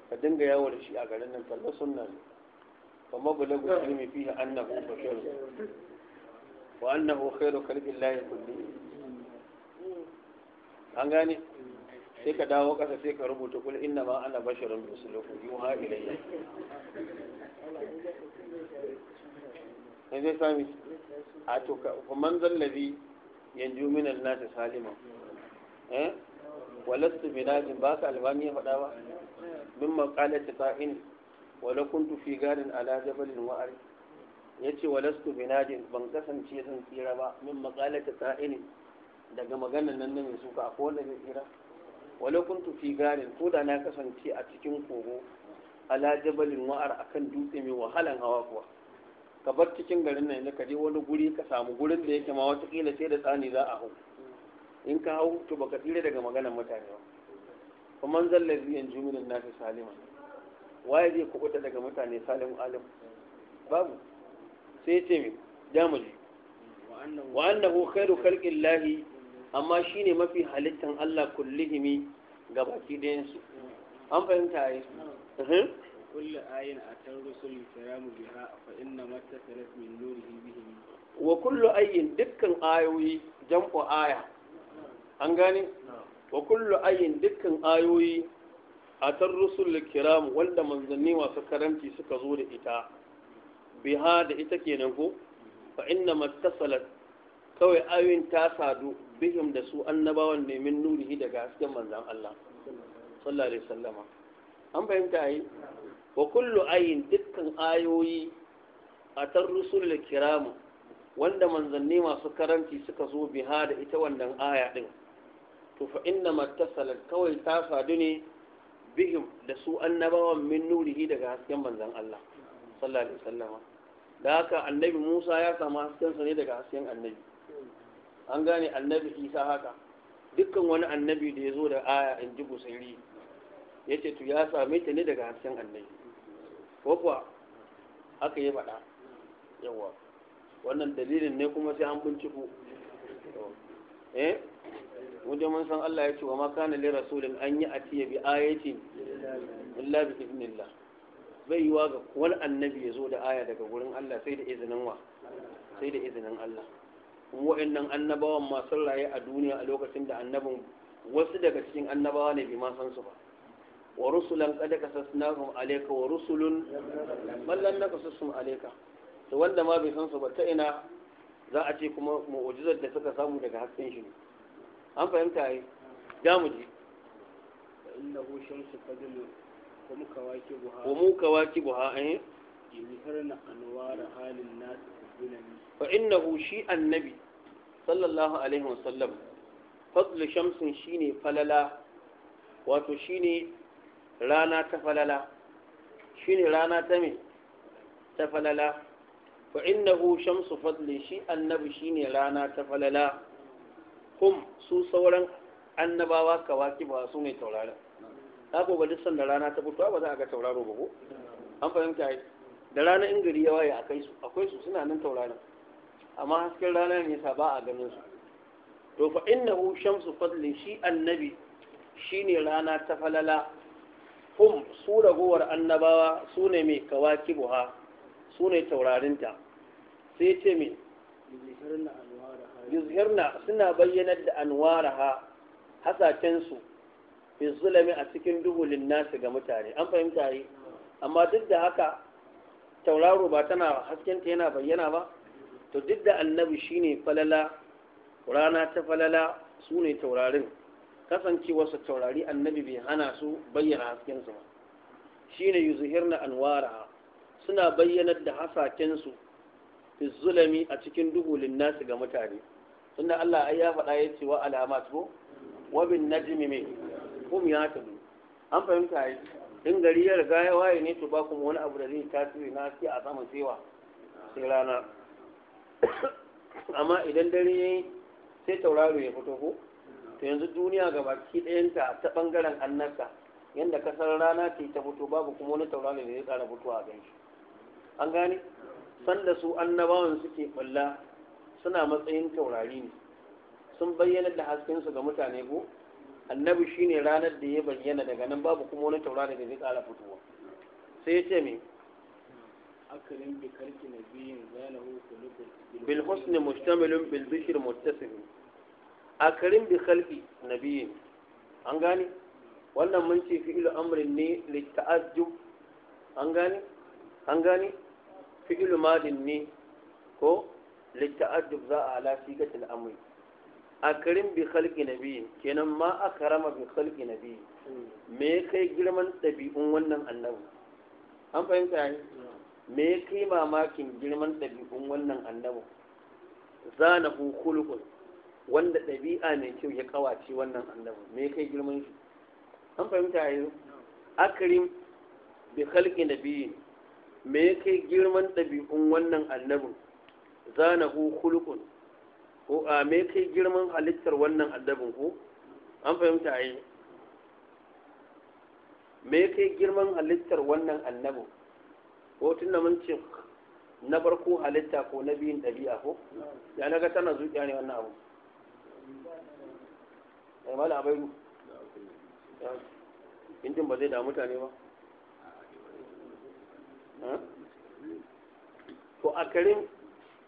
ka dinga yawo da shi a garin nan kalla sunna ne fa mablagu ilmi fihi annahu bashar wa annahu khairu khalqillahi kulli an gane sai ka dawo ƙasa sai ka rubuta kul inna ma ana basharun mislukum yuha ilayya ne zai sami a to man zallabi yanzu minan nasi salima eh walastu binajin ba ka alwami ya faɗa ba min maqalati qa'in wala kuntu fi garin ala jabalin wa'ari yace walastu binajin ban kasance zan tsira ba min maqalati qa'in daga maganar nan ne suka akwai wanda zai tsira wala kuntu fi garin ko da na kasance a cikin kogo ala jabalin wa'ar akan dutse mai wahalan hawa kuwa ka bar cikin garin nan yanzu ka je wani guri ka samu gurin da yake ma watakila sai da tsani za a hau in ka hau to baka tsira daga maganar mutane ba kuma man lazi yan juminin nasi salima waye zai kubuta daga mutane salim alim babu sai ce mai damaji wa annahu khairu khalqin lahi amma shine mafi halittan Allah kullihimi ga baki ɗayansu an fahimta yi كل آية أتى الرسل الكرام بها فإنما اتصلت من نوره بهم وكل آية دكا آية جمع آية أنغاني وكل آية دكا آية أتى الرسل الكرام ولد من منزني وسكرمتي سكزور إتا بهذا da ita kenan ko fa kawai ayoyin ta sadu bihim da su annabawan ne min nurihi daga hasken manzan Allah sallallahu alaihi wasallama an fahimta yi wa kullu ayin dukkan ayoyi a tar rusul kiramu wanda manzanni masu karanci suka zo biha da ita wannan aya din to fa inna mattasalat kawai ta sadu ne bihim da su annabawan min nurihi daga hasken manzan Allah sallallahu alaihi wasallam da haka annabi Musa ya samu hasken sa ne daga hasken annabi an gane annabi Isa haka dukkan wani annabi da ya zo da aya in ji busairi ya ce to ya same ta ne daga hasken annabi ko kuwa haka ya faɗa yawa wannan dalilin ne kuma sai an binciko eh wajen mun san Allah ya ce wa ma kana li rasulin an yi atiya bi ayati illa bi idnillah bai yiwa ga wani annabi ya zo da aya daga gurin Allah sai da izinin wa sai da izinin Allah kuma wa'annan annabawan masu raye a duniya a lokacin da annabin wasu daga cikin annabawa ne bai ma san su ba wa rusulan kada qad qasasnahum alaika, wa rusulun man lam naqsusum alaika. to wanda ma bai san su ba ta ina za a ce kuma mu'jizar da suka samu daga hasken shi an fahimta yi, ya mu ji innahu shamsu fadl wa mukawakibuha wa mukawakibuha eh yuzhirna anwara halin nas fa innahu shi annabi sallallahu alaihi wasallam fadl shamsin shine falala wato shine rana ta falala shine rana ta me ta falala fa innahu shamsu fadli shi annabi shine rana ta falala Kum su sauran annabawa kawaki ba su mai taurarin. ta ba duk sanda rana ta fito ba za a ga tauraro ba ko an fahimta yi da rana in gari ya waye su akwai su suna nan taurarin. amma hasken rana ne sa ba a ganin su to fa innahu shamsu fadli shi annabi shine rana ta falala hum su ragowar annabawa su ne mai kawaki buha su ne taurarinta sai ce mai yuzhirna suna bayyanar da ha hasakensu fi zulami a cikin duhulin nasu ga mutane an fahimta yi amma duk da haka tauraro ba tana haskenta yana bayyana ba to duk da annabi shine falala rana ta falala su ne taurarin kasancewarsa taurari annabi bai hana su bayyana haskensu ba shine zuhirna anwara suna bayyanar da hasakensu fi zulami a cikin duhu linnasi ga mutane tunda Allah ya faɗa ya ce wa alama ko Wabin na jimi me kuma ya an fahimta yi in gari ya riga ya waye ne to ba kuma wani abu da zai tasiri na shi a sama cewa. sai rana amma idan dare yi sai tauraro ya fito ko to yanzu duniya ga baki ɗayanta ta ɓangaren annabta yadda kasar rana ce ta fito babu kuma wani taurari da ya tsara fitowa a ganshi an gane sanda su annabawan suke ɓalla suna matsayin taurari ne sun bayyana da haskensu ga mutane ko annabi shine ranar da ya bayyana daga nan babu kuma wani taurari da ya tsara fitowa sai ya ce me akalin bi karki nabiyin zanahu kulubul bil husni mushtamilun bil dhikr muttasim a karin bi khalqi nabiyin an gane wannan mun ce fi'il amrin ne ta'ajjub an gane an gane fi'il madin ne ko ta'ajjub za a ala sigatil amri akarin bi khalqi nabiyin kenan ma akrama bi khalqi nabiyyin me kai girman dabi'un wannan annabi an fahimta ne me kai mamakin girman dabi'un wannan annabi zanahu khuluqun wanda ɗabi'a mai kyau ya kawace wannan annabi me kai girman shi an fahimta yanzu akrim bi khalqi nabiyyi me kai girman ɗabi'un wannan annabin zanahu khuluqun ko a me kai girman halittar wannan annabin ko an fahimta ai me kai girman halittar wannan annabin ko tunda mun ce na farko halitta ko na biyun ɗabi'a ko ya ga tana zuciya ne wannan abu ba eh, mala abairu injin ba zai da mutane ba to a karin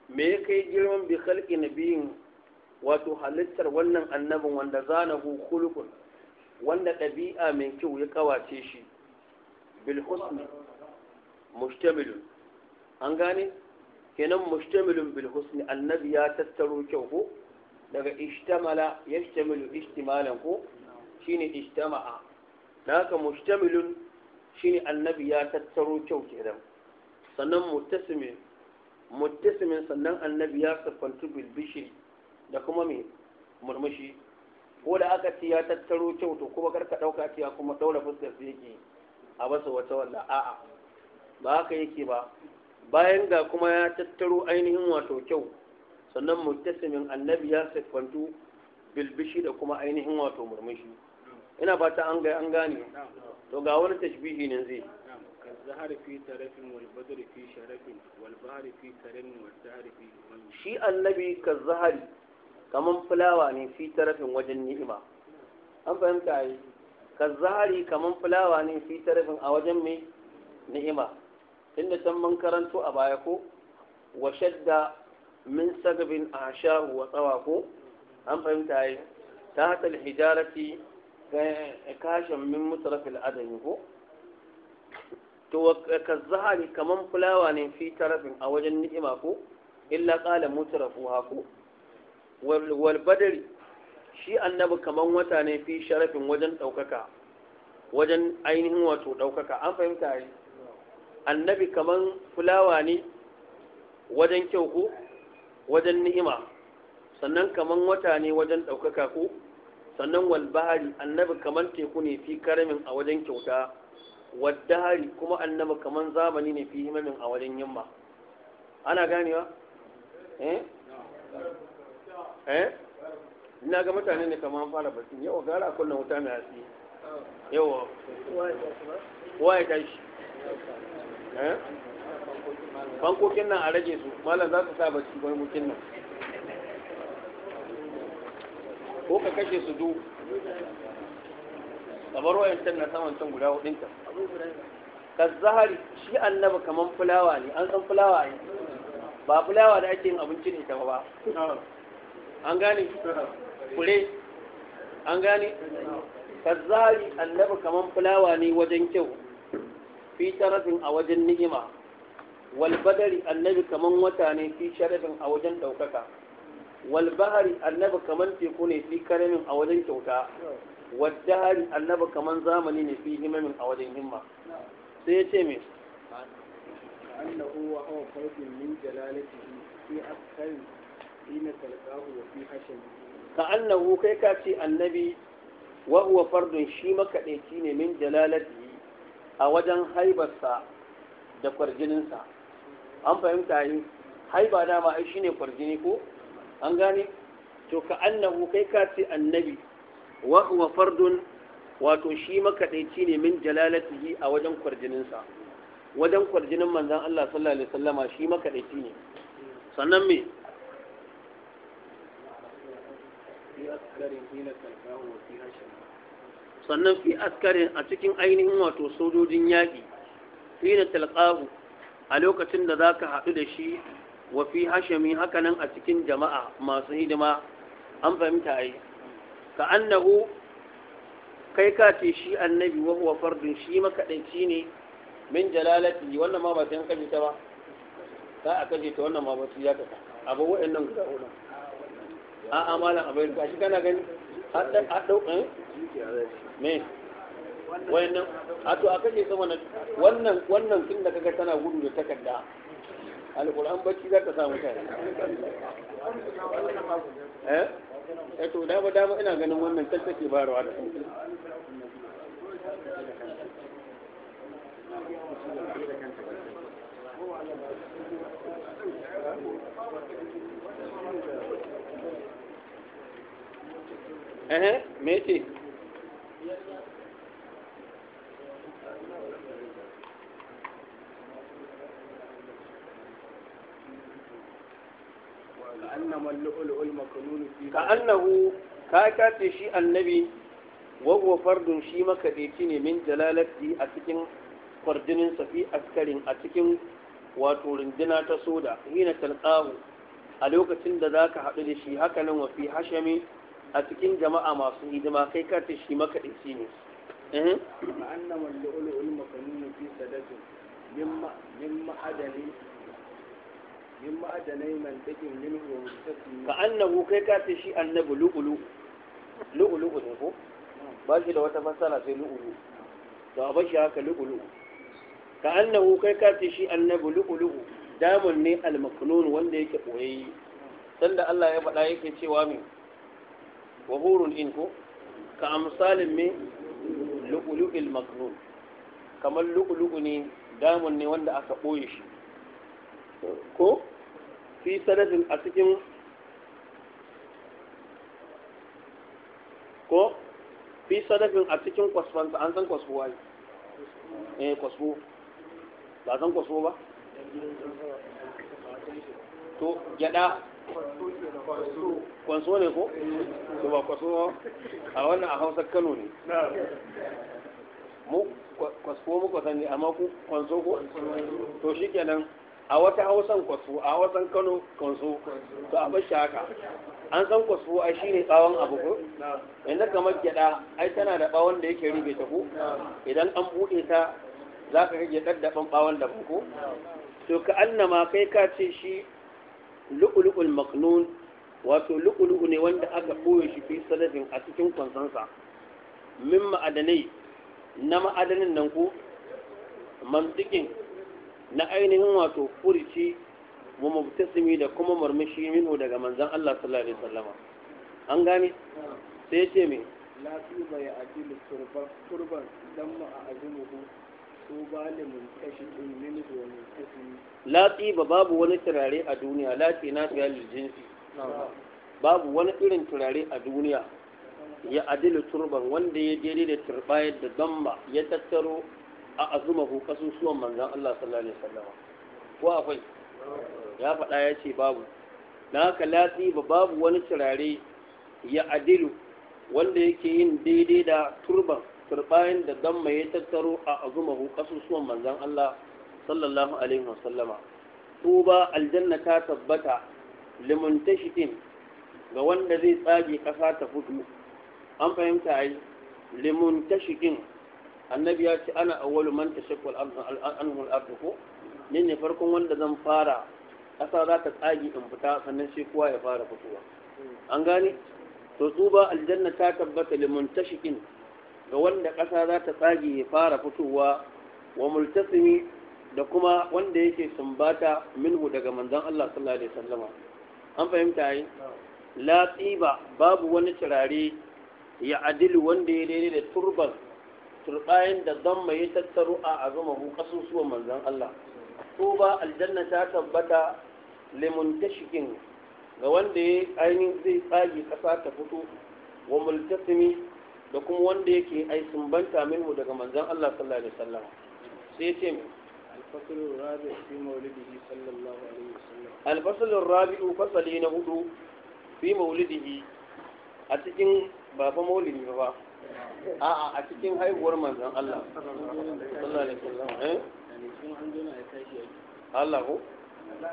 me ya kai girman bi khalqi nabiyin wato halittar wannan annabin wanda zana zanahu khuluqun wanda ɗabi'a mai kyau ya kawace shi bil husni mustamilun an gane kenan mustamilun bil husni annabi ya tattaro kyau ko daga ishtamala yashtamilu ishtimalan ko shine ishtama'a dan haka mushtamilun shine annabi ya tattaro kyau kenan sannan muttasimin muttasimin sannan annabi ya siffantu bil da kuma mai murmushi ko da aka ci ya tattaro kyau to kuma karka dauka cewa kuma daura fuskar sa yake a basa wata walla a'a ba haka yake ba bayan ga kuma ya tattaro ainihin wato kyau sannan muttasimin annabi ya siffantu bilbishi da kuma ainihin wato murmushi ina fata an ga an gane to ga wani tashbihi ne zai zahari fi tarafin wal badri fi sharafin wal bahri fi karamin wal zahari fi shi annabi ka zahari kaman fulawa ne fi tarafin wajen ni'ima an fahimta yi ka zahari kaman fulawa ne fi tarafin a wajen mai ni'ima inda can mun karanto a baya ko wa shadda min sagabin a shahu wa tsawa an fahimta yi ta hatar hijarati kashin min mutarafil adami ko to ka zahari kaman fulawa ne fi tarafin a wajen ni'ima ko illa ƙala mutarafu haku wal badari shi annabi kaman wata ne fi sharafin wajen ɗaukaka wajen ainihin wato ɗaukaka an fahimta yi annabi kaman fulawa ne wajen kyau ko wajen ni'ima sannan kaman wata ne wajen ɗaukaka ko sannan walbahari annabi kaman teku ne fi karamin a wajen kyauta waddahari kuma annabi kaman zamani ne fi himamin a wajen yamma ana ganewa eh eh ina ga mutane ne kaman fara batun yawa gara kunna wuta mai hasi yawa kowa ya tashi eh bankokin nan a rage su malam za su sa bacci bankokin nan ko ka kashe su du kamar can na saman can guda hudunta ka zahari shi annaba kamar fulawa ne an san fulawa ne ba fulawa da ake yin abinci ne ta ba an gane fure an gane ka zahari annaba kamar fulawa ne wajen kyau fi tarafin a wajen ni'ima wal badari annabi kaman wata fi sharafin a wajen ɗaukaka wal bahari kaman teku ne fi karamin a wajen kyauta wal dahari annabi kaman zamani ne fi himamin a wajen himma sai ya ce me annahu wa huwa fardun min jalalatihi fi askari hina talqahu fi ka kai ka ce annabi wa fardun shi makaɗaici ne min a wajen haibarsa da kwarjininsa an fahimta yi haiba dama ai shine kwarjini ko an gane to ka annahu kai ka ce annabi wa huwa fardun wato shi makaɗaici ne min jalalatihi a wajen kwarjininsa wajen kwarjinin manzon Allah sallallahu alaihi wasallama shi makaɗaici ne sannan me sannan fi askarin a cikin ainihin wato sojojin yaƙi fi na talqahu a lokacin da za ka haɗu da shi wa fi hashami hakanan a cikin jama'a masu hidima an fahimta yi ka annahu kai ka ce shi annabi wa huwa fardun shi makaɗanci ne min jalalati wannan ma ba sai an kaje ta ba za a kaje ta wannan ma ba su ya ta abu wa'annan guda hudu a'a malam abai ka shi kana gani a ɗau eh? me wayannan a to a kake sama na wannan wannan tun da kaga tana gudu da takarda alquran bacci za ta sa mutane eh eh to dama dama ina ganin wannan kan take barawa da su Eh, me ce? ka annahu ka kace shi annabi wagwa fardun shi makadeci ne min jalalati a cikin kwardinin safi askarin a cikin wato rundina ta soda hina talqahu a lokacin da zaka haɗu da shi haka nan wa fi hashami a cikin jama'a masu hidima kai kace shi makadeci ne ma'anna wal lu'lu'ul makanun fi mimma mimma ma'adani min ka kai ka ce shi annabu lu'ulu lu'ulu ne ko ba shi da wata fassara sai lu'ulu to a shi haka lu'ulu ka kai ka ce shi annabu lu'ulu damun ne almaknun wanda yake koyayye sanda Allah ya faɗa yake cewa min ko ka kamar ne ne wanda aka ɓoye shi ko fi sanadin a cikin ko fi sanadin a cikin kwasfanta an san kwasfo yi eh kwasfo ba san kwasfo ba to gyada kwanso ne ko? to ba kwaso a wannan a hausar kano ne mu kwaso muka sani amma ku kwanso ko? to shi kenan a wata hausan kwasu a hausan kano kansu to a bashi haka an san kwasu ai shine tsawon abu ko yanzu kamar gyada ai tana da bawon da yake rube ta ku idan an bude ta za ka rage gyadar da bawon da ko to ka ma kai ka ce shi lu'ulu'ul maknun wato lu'ulu'u ne wanda aka ɓoye shi fi salafin a cikin kwansansa min ma'adanai na ma'adanin nan ku mantikin na ainihin wato furici mu mubtasimi da kuma murmushi minu daga manzon Allah sallallahu alaihi wasallama an gane sai ya ce me lafiya ya ajil turban turban dan a ajimuhu latsi ba babu wani turare a duniya latsi na fiya jinsi babu wani irin turare a duniya ya adilu turban wanda ya jeri da turba da damba ya tattaro a azumahu kasusuwan manzan Allah sallallahu alaihi wasallam ko akwai ya faɗa ya ce babu na haka latsi ba babu wani turare ya adilu wanda yake yin daidai da turban turbayin da damma ya tattaro a azumahu kasusuwan manzan Allah sallallahu alaihi wasallama tuba aljanna ta tabbata limuntashitin ga wanda zai tsage ƙasa ta fudu an fahimta ai limuntashikin annabi ya ce ana awwalu man tashaqqa al-anhu al ko ni ne farkon wanda zan fara ƙasa za ta tsagi in fita sannan shi kowa ya fara fitowa an gane to tsuba aljanna ta tabbata li muntashiqin ga wanda ƙasa za ta tsagi ya fara fitowa wa multasimi da kuma wanda yake sumbata minhu daga manzon Allah sallallahu alaihi wasallama an fahimta yi la tsiba babu wani turare ya adilu wanda ya daidai da turban turbayin da don mai ya tattaro a azumahu kasusuwan manzan Allah ko ba aljanna ta tabbata limuntashikin ga wanda ya ainihin zai tsage ƙasa ta fito wa multasimi da kuma wanda yake ai sumbanta minhu daga manzan Allah sallallahu alaihi wasallam sai ya ce mai الفصل الرابع في مولده صلى الله عليه a fasali na hudu fi maulidihi a cikin baba maulidi ba a'a a cikin haihuwar manzon Allah sallallahu alaihi wasallam eh Allah ko a cikin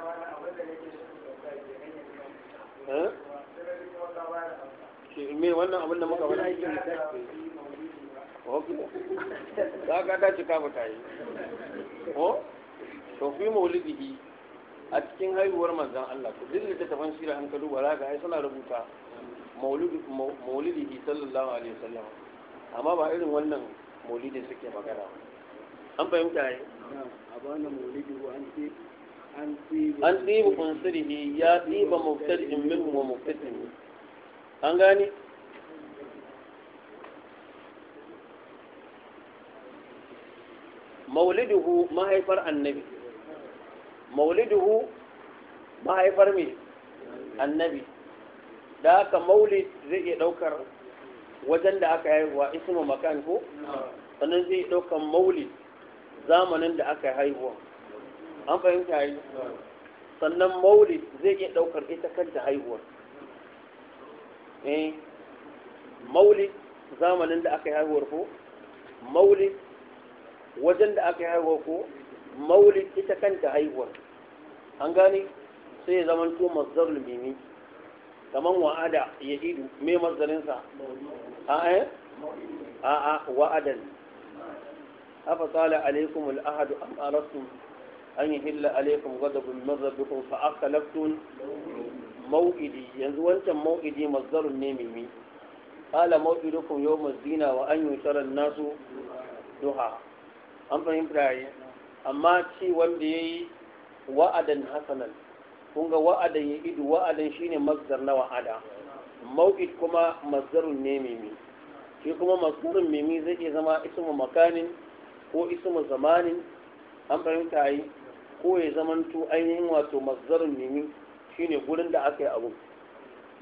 haihuwar Allah ku tafan ai suna rubuta maulidihi sallallahu alaihi wasallam amma ba irin wannan maulidin suke magana an fahimta yi an ɗiba kunsirihi ya ɗiba in minhum wa mubtadi'in an gane mauliduhu mahaifar annabi mauliduhu mahaifar mai annabi da haka maulid zai iya ɗaukar wajen da aka haihuwa ismu makan ko sannan zai ɗaukar maulid zamanin da aka haihuwa an fahimta yi sannan maulid zai iya ɗaukar ita kanta haihuwar eh maulid zamanin da aka haihuwar ko maulid wajen da aka haihuwa ko maulid ita kanta haihuwar an gane sai ya zama to mazdar limini kamar wa'ada ya mai idu me a a'a a'a wa'adan afa qala alaykum al-ahad am arastum an yahilla alaykum ghadabun min rabbikum fa akhlaftum maw'idi yanzu wancan maw'idi mazdarun ne mimi qala maw'idukum yawm az-zina wa an yushara an-nasu duha an fahimta eh? amma ci wanda ya yi wa'adan hasanan kun ga wa'adan ya idu wa'adan shine mazdar na wa'ada mau'id kuma mazdarun ne mimi shi kuma mazdarun mimi zai iya zama ismu makanin ko ismu zamanin an fahimta yi ko ya zamanto ainihin wato mazdarun mimi shine gurin da aka yi abu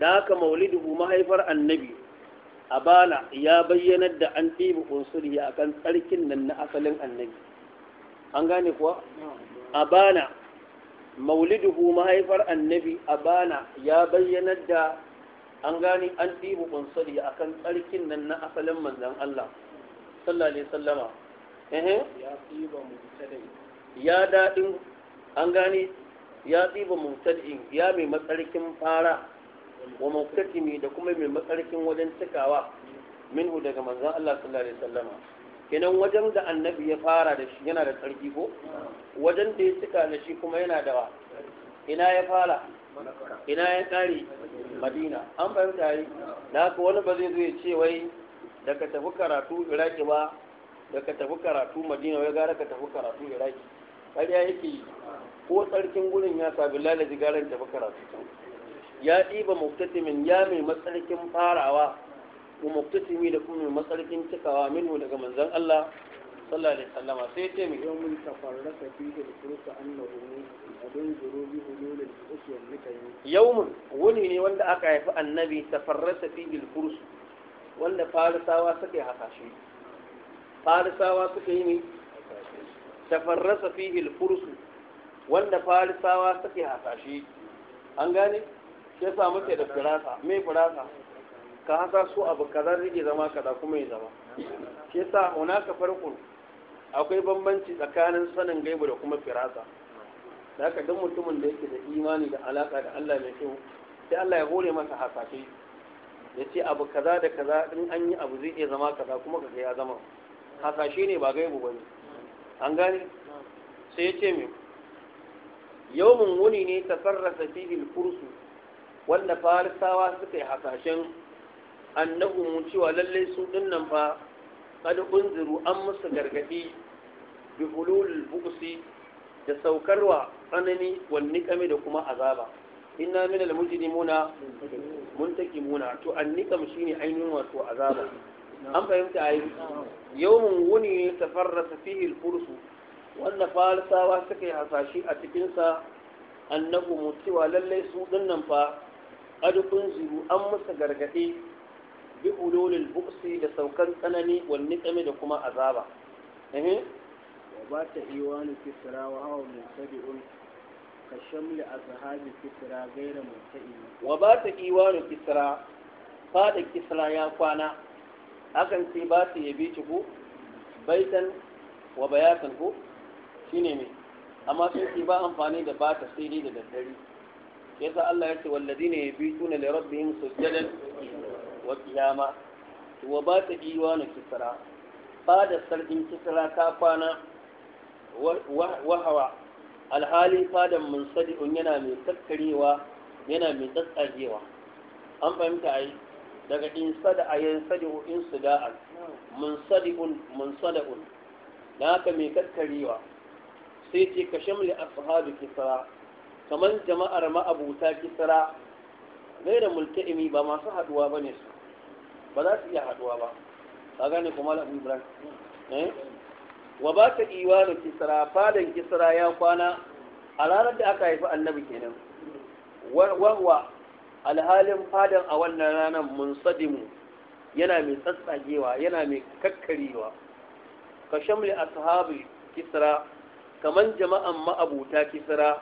da haka maulidu mahaifar annabi a bala ya bayyanar da an ɗiba unsuri a kan tsarkin nan na asalin annabi an gane kuwa a bana mauliduhu mahaifar annabi abana ya bayyanar da an gani an ɗibu kunsuri a kan tsarkin nan na asalin manzan Allah sallallahu alaihi sallama ya ɗiba mutadin ya daɗin an gani ya ɗiba mutadin ya mai matsarkin fara wa muktatimi da kuma mai matsarkin wajen cikawa minhu daga manzan Allah sallallahu alaihi sallama kenan wajen da annabi ya fara da shi yana da tsarki ko wajen da ya cika da shi kuma yana da ina ya fara ina ya tsari madina an bayan yi da haka wani ba zai zo ya ce wai da ka tafi karatu iraki ba da ka tafi karatu madina wai gara ka tafi karatu iraki ƙarya yake yi ko tsarkin gurin ya sabi lalaji garan tafi karatu ya ɗiba muktatimin ya mai matsarkin farawa wa muktasimi da kuma mai matsarkin cikawa minhu daga manzon Allah sallallahu alaihi wasallama sai ya ce mai yau mun tafarraka fihi da fursa annahu abin zurubi hululul uswan nikayi yawmun wani ne wanda aka haifi annabi tafarrasa fihi al-furs wanda farisawa suka yi farisawa suka yi ne tafarrasa fihi al wanda farisawa an gane sa muke da me firasa ka haka su abu kaza zai zama kaza kuma ya zama shi ona ka farko. akwai bambanci tsakanin sanin gaibu da kuma firasa da haka duk mutumin da yake da imani da alaka da Allah mai kyau sai Allah ya hore masa hasashe ya ce abu kaza da kaza in an yi abu zai zama kaza kuma kaga ya zama hasashe ne ba gaibu bane an gane sai ya ce mai yawmin wuni ne ta sarrafa fihil kursu wanda farisawa suka yi hasashen annahum cewa lallai su dinnan fa qad unziru an musu gargadi bi hulul buqsi da saukarwa tsanani wan niqami da kuma azaba inna min al mujrimuna muntakimuna to an niqam shine ainihin wato azaba an fahimta ayi yawmun wuni tafarrasa fihi al fursu wanda farisawa suka yi hasashi a cikinsa annahu mutuwa lallai su dinnan fa adukun ziru an musu gargadi. bi ululil buksi da saukan tsanani wani niqami da kuma azaba eh wa ba ta iwanu kisra wa hawa mutabi'un ka shamli ashabi kisra gaira mai mutabi'in wa ba ta iya wani kisra fada kisra ya kwana akan ce ba ta yabi ci ko baitan wa bayatan ko shine me amma sun ce ba amfani da ba ta sai da daddare yasa Allah ya ce wallazina yabituna li rabbihim sujadan ba ta وقيامة وبات ديوان كسرى بعد سرق كسرى كافانا وهوى alhali fadan mun sadi un yana mai kakkarewa yana mai tsatsagewa an fahimta ai daga insada a yansadi'u insida'an munsadi'un munsada'un da haka mai kakkarewa sai ce ka shamli ashabi kisra kamar jama'ar ma'abuta kisra gaira mulka'imi ba masu haduwa bane su ba za su iya haduwa ba ka gane kuma la ibrahim eh wa ba ta iwanu kisra fadan kisra ya kwana a ranar da aka haifi annabi kenan wawa alhalin fadan a wannan ranar sadimu yana mai tsatsagewa yana mai kakkarewa ka shamli ashabi kisra kaman jama'an ma'abuta kisra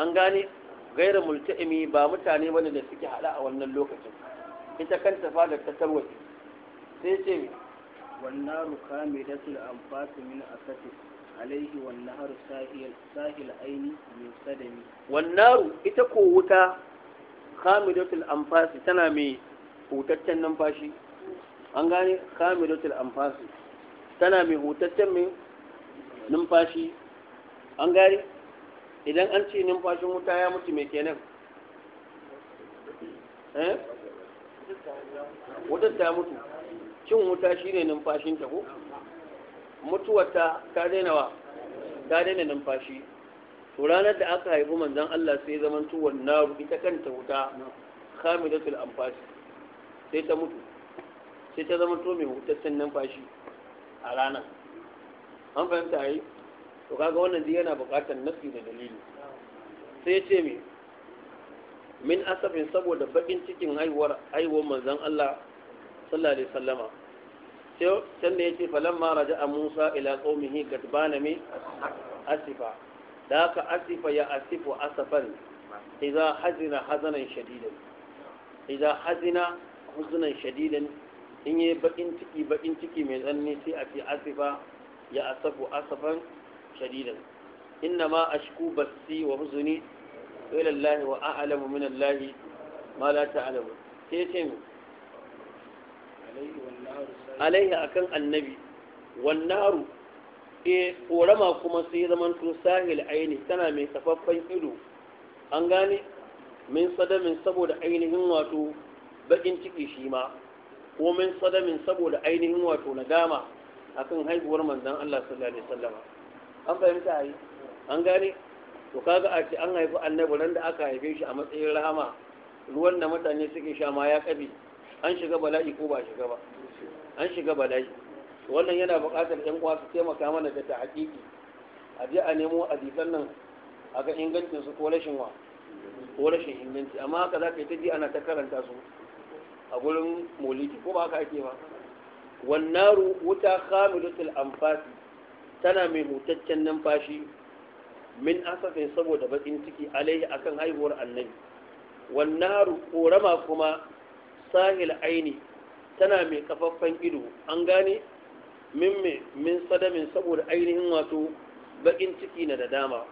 an gane gairar multa'imi ba mutane bane da suke hada a wannan lokacin ita kanta fadar ta tarwace sai ce mai والنار كاملة الأنفاس من أسفه عليه sahil aini ساهل sadami من ita ko wuta وتا كاملة tana تنامي hutaccen numfashi an gane amfasi tana mai hutaccen mai numfashi an gane idan an ce numfashin wuta ya mutu mai kenan eh wutar ta mutu cin wuta shine numfashin ta ko mutuwar ta daina wa ta daina numfashi to ranar da aka haifi manzan Allah sai zaman tuwon naru ita kanta wuta khamidatul amfashi sai ta mutu sai ta zama to mai hutaccen numfashi a ranar an fahimta yi to kaga wannan yana buƙatar nasi da dalili sai ya ce mai min asafin saboda bakin cikin haihuwar haihuwar manzon Allah sallallahu alaihi wasallama sai can da yace falamma raja'a Musa ila qaumihi gadbana mi asifa da haka asifa ya asifu asafan idza hazina hazanan shadidan idza hazina huzunan shadidan in yi bakin ciki bakin ciki mai tsanani sai a ce asifa ya asafu asafan shadidan inna ma ashku basi wa huzuni ila Allah wa a'lamu min Allah ma la ta'lamu sai ce mu alaihi akan annabi wannaru naru eh, e korama kuma sai zaman to sahil aini tana mai safaffan ido an gane min sadamin saboda ainihin wato bakin ciki shi ma ko min sadamin saboda ainihin wato nadama akan haihuwar manzon Allah sallallahu alaihi wasallam an fahimta ai an gane to kaga a ce an haifi annabi ran da aka haife shi a matsayin rahama ruwan da mutane suke sha ma ya kabe an shiga bala'i ko ba shiga ba an shiga bala'i wannan yana buƙatar yan uwa su taimaka mana da ta a je a nemo hadisan nan a ga ingancin su ko rashin wa ko rashin inganci amma haka za ka yi ta ji ana ta karanta su a gurin moliki ko ba haka ake ba wannan wuta khamilatul amfasi tana mai hutaccen numfashi min asafin saboda bakin ciki alaihi akan haihuwar annabi wannaru korama kuma sahil aini tana mai kafaffen ido an gane min me min sadamin saboda ainihin wato bakin ciki na da dama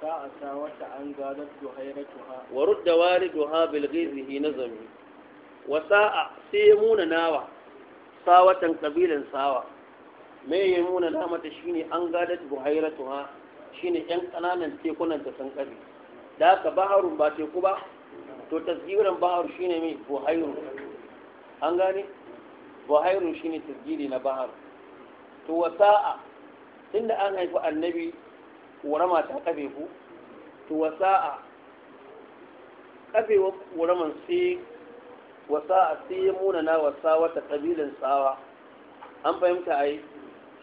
ta wata an gadar duhairatuha wa rudda waliduha bil ghizhi nazami wa sa'a sai muna nawa sawatan qabilan sawa me ya muna na mata shine an ha Shi ne yan kananan tekunan ta san kabi da haka baharun ba teku ba to tasgirin bahar shine mai buhairu an gane buhairu shine tasgiri na bahar to wasa'a tunda an haifi annabi ƙorama ta kabe ku to wasa'a kabe ƙoraman sai wasa'a sai ya munana wasa wata kabilin tsawa an fahimta a yi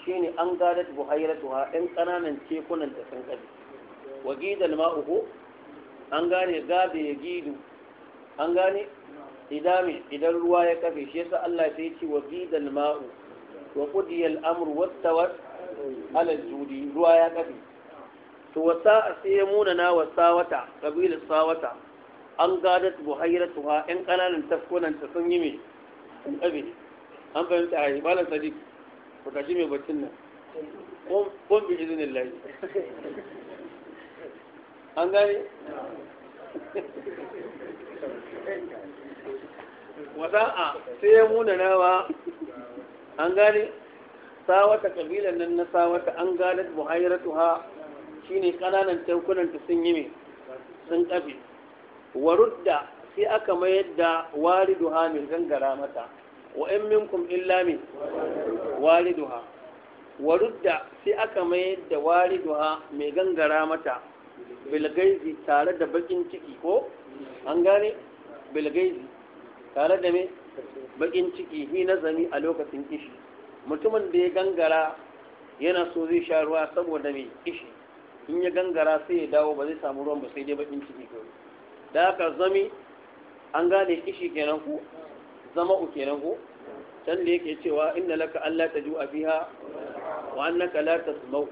shine an gadat buhairatuha ɗan ƙananan tekunan ta sun ƙafi wa gidal ma'uhu an gane gabe ya gidu an gane idami idan ruwa ya kafe shi yasa Allah sai ce wa gidan ma'u wa qudiyal amru wattawat ala judi ruwa ya kafe to wasa sai ya munana wa sawata kabilar sawata an gadat buhairatuha ɗan ƙananan tafkunan ta sun yi me sun kabe an fahimta a yi malam sadiq ku mai batun nan kwan bi izinin lai an gane a sai ya nawa an gane sawata kabilan nan na sawata an ha shi shine kananan tankunan ta sun yi mai sun kafe warudda sai aka mayar da waridu mai gangara mata wa in minkum illa min waliduha wa sai aka mayar da waliduha mai gangara mata bilgaizi tare da bakin ciki ko an gane bilgaizi tare da mai bakin ciki hi nazami a lokacin kishi mutumin da ya gangara yana so zai sha ruwa saboda mai kishi in ya gangara sai ya dawo ba zai samu ruwan ba sai dai bakin ciki kawai da haka zami an gane kishi kenan ku zama uke nan ko can da yake cewa inna laka Allah ta ju'a biha wa annaka su tasma'u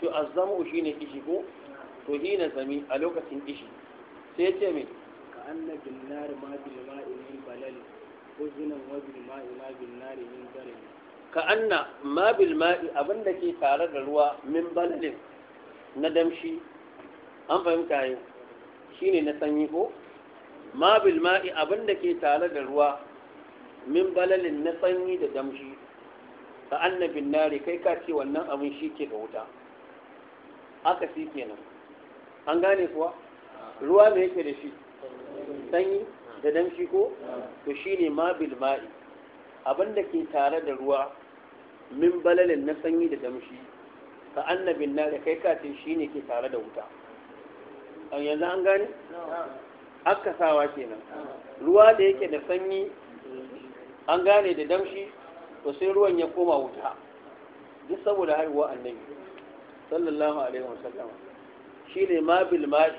to a azzamu ne kishi ko to hina zami a lokacin kishi sai ya ce me ka na bin nar ma bil ma'i min balal huzunan wa bil ma'i ma bil nar min balal ka anna ma bil ma'i abinda ke tare da ruwa min balalin na damshi an fahimta yau shine na sanyi ko ma bil ma'i da ke tare da ruwa min balalin na sanyi da damshi ka annabin nare kai ka ce wannan abin shi ke da wuta aka si kenan an gane kuwa ruwa mai yake da shi sanyi da damshi ko to ne ma bil ma'i abin da ke tare da ruwa min balalin na sanyi da damshi ka annabin nare kai ka ce ne ke tare da wuta yanzu an gane akasawa kenan ruwa da yake da sanyi an gane da damshi to sai ruwan ya koma wuta duk saboda haihuwa annabi sallallahu alaihi wasallam shine ma bil ma'i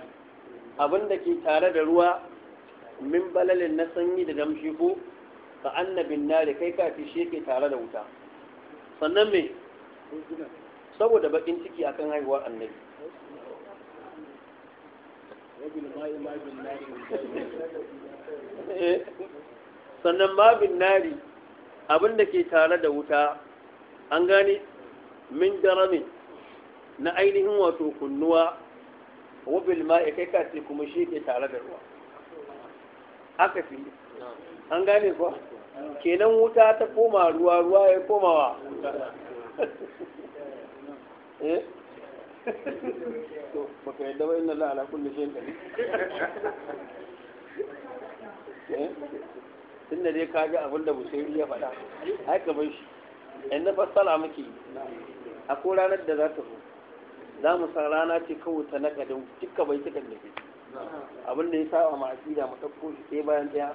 abin da ke tare da ruwa min balalin na sanyi da damshi ko ka annabin nare kai kafi shi yake tare da wuta sannan me saboda bakin ciki akan haihuwar annabi eh sannan babin nari abin da ke tare da wuta an gane min jarami na ainihin wato kunnuwa wabil ma ya kai kace kuma shi ke tare da ruwa aka fi an gane kuwa kenan wuta ta koma ruwa ruwa ya komawa wa eh? baka yadda ba inna tun da dai ka ji abin da busairi ya faɗa ai ka bar shi in na fassara muke a ko ranar da za ta zo za mu san rana ce kawai ta nakadin dukka bai tukan da ke abin da ya saba ma asida mu ɗauko shi sai bayan ɗaya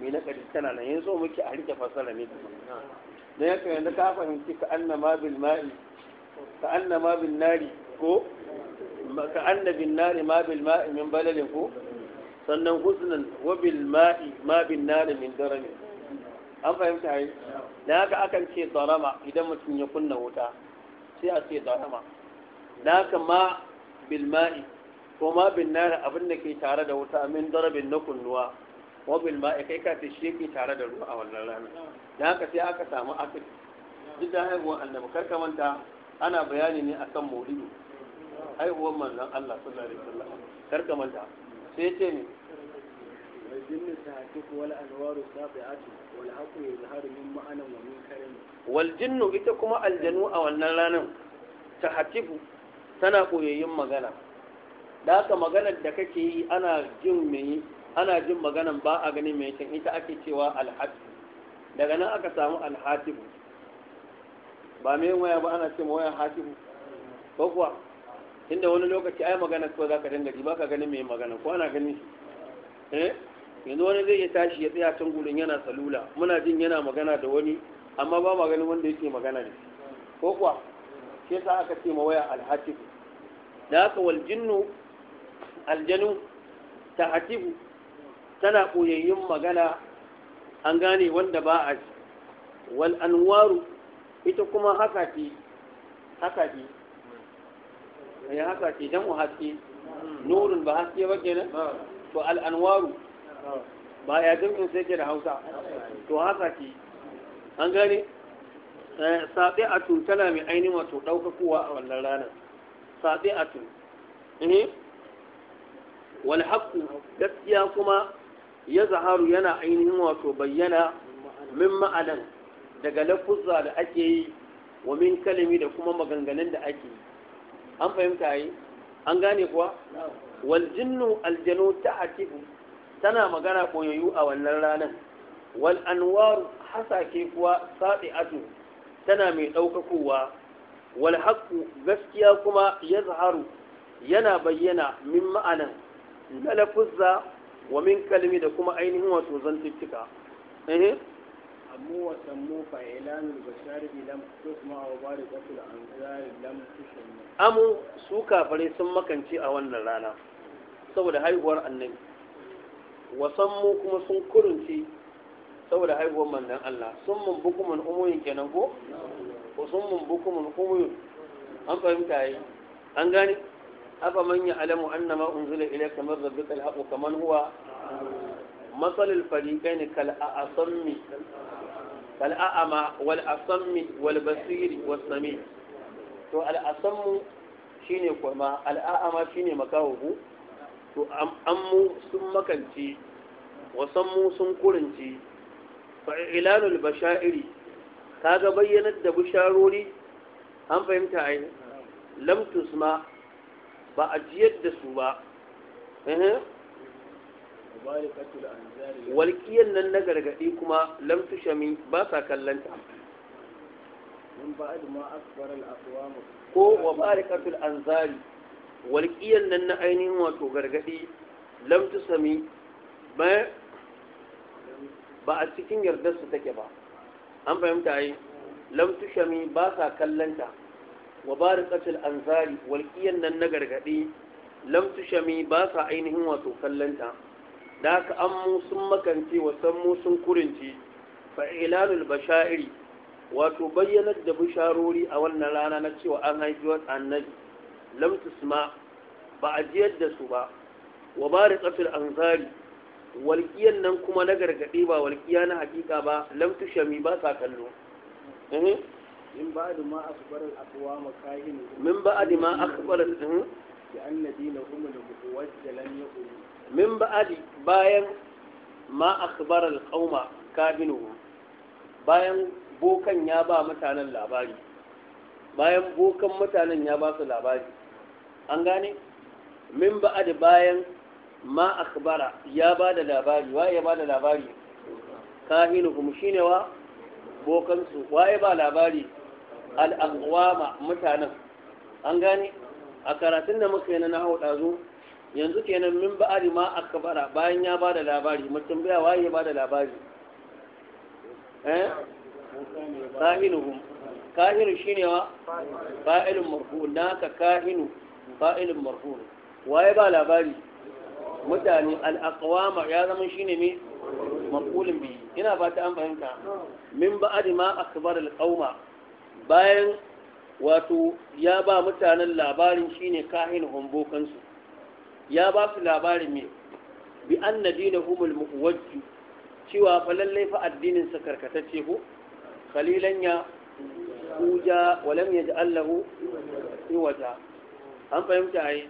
mai nakadi tana nan yanzu muke a rike fassara ne na yanka yanzu ka fahimci ka annama bil ma'i ka annama bil nari ko ka annabin nari ma bil ma'i min balalin ko sannan husnan wabil ma'i ma bin nari min darami an fahimta yi da haka akan ce darama idan mutum ya kunna wuta sai a ce darama da haka ma bil ma'i ko ma bin nari abin da ke tare da wuta min darabin na kunnuwa wabil ma'i kai ka ce shi ke tare da ruwa a wannan rana da haka sai aka samu akid duk da haihuwar annabi karka manta ana bayani ne akan maulidi haihuwar manzon Allah sallallahu alaihi wasallam karka manta sai ce ne والجن تهتك والأنوار سابعة والحق يظهر من معنى ومن كلمة والجن إتكما الجنوء والنلان تهتك tana koyayyin magana da haka magana da kake yi ana jin mai ana jin maganan ba a ganin mai can ita ake cewa alhatif daga nan aka samu alhatifu ba mai waya ba ana cewa waya hatifu ko kuwa inda wani lokaci ai magana ko za ka dinga ji ba ka ganin mai magana ko ana ganin shi eh yanzu wani zai iya tashi ya tsaya can gudun yana salula muna jin yana magana da wani amma ba ma ganin wanda yake magana da ko kuwa ke sa aka ce ma waya Alhatifu. da aka wal jinnu aljanu Hatifu tana koyayyun magana an gane wanda ba a ji wal anwaru ita kuma haka ce haka ce ya eh, haka ce jam'u haske nurin ba haske ba kenan to al anwaru ba ya jam'in sai ke da hausa to haka ki an gane eh, saɓe a tun tana mai ainihin wato ɗaukakowa a wannan ranar saɓe a tun eh? wani haƙƙu gaskiya kuma ya zaharu yana ainihin wato bayyana min ma'adan daga lafuzza da ake yi wa min kalami da kuma maganganun da ake yi an fahimta yi an gane kuwa wal jinnu aljanu ta atifu tana magana koyayyu a wannan ranar wal anwaru hasake kuwa atu tana mai ɗaukakowa wal haqqu gaskiya kuma yazharu yana bayyana min ma'ana, na wa min kalmi da kuma ainihin wato zantuttuka eh أمو وسمو فإعلان البشار لم تسمع وبارقة lam لم amu su kafare sun makance a wannan rana, saboda haihuwar annabi. wasan mu kuma sun kurunci saboda haihuwar manzan Allah sun mun bukumin umuyin kenan ko ko sun mun bukumin umuyin an fahimta yi an gane afa man ya alamu annama unzila ilayka min rabbika alhaqu kaman huwa مثل الفريقين كالأعصم كالأعمى والأصم والبصير والسميع to al'asammu shine kurma al'a'ama shine makawo to an mu sun makance wasan mu sun kurince fa ilanul bashairi kaga bayyanar da bisharori an fahimta ai lam tusma ba a jiyar da su ba Walƙiyar nan na gargaɗi kuma lamtu shami ba sa kallanta ko wa barikatul anzari Walƙiyar nan na ainihin wato gargaɗi lam sami ba a cikin yardarsu take ba an fahimta yi lam shami ba sa kallanta wa an anzari walƙiyar nan na gargaɗi lam shami ba sa ainihin wato kallanta da haka an mu sun makance wa san mu sun kurinci fa'ilanul bashairi wato bayyanar da bisharori a wannan rana na cewa an haifi wasu annabi lam tusma ba a jiyar da su ba wa ba bariqatul anzari walƙiyan nan kuma na gargaɗe ba walƙiya na haƙiƙa ba lam tushami ba sa kallo eh? min ba ba'di ma akhbar al-aqwam kahin min ba ba'di ma akhbar al-aqwam eh? bi anna dinahum al-muwajjal lam yakun min ba ba'di bayan ma akhbar al-qauma kabinuhum bayan bokan ya ba mutanen labari bayan bokan mutanen ya ba su labari an gane min ba'ad bayan ma akhbara ya ba da labari wa ya ba da labari shi ne wa bokansu wa ya ba labari al aqwama mutanen an gane a karatun da muka yi na hauɗa zo yanzu kenan min ba'ad ma akhbara bayan ya ba da labari mutum baya wa ya ba da labari eh kahinuhum kahiru shine wa fa'ilun marfu naka kahinu fa'ilun marfu waye ba labari mutane al ya zama shine mai maqulun bi ina fata an fahimta min ba ba'd ma akbar al-qauma bayan wato ya ba mutanen labarin shine kahinu hombokansu ya ba su labarin mai bi an na anna dinahumul muwajjih cewa fa lallai fa addinin sa karkatacce ko kalilan ya abuja walam ya ji allahu wata an fahimta a yi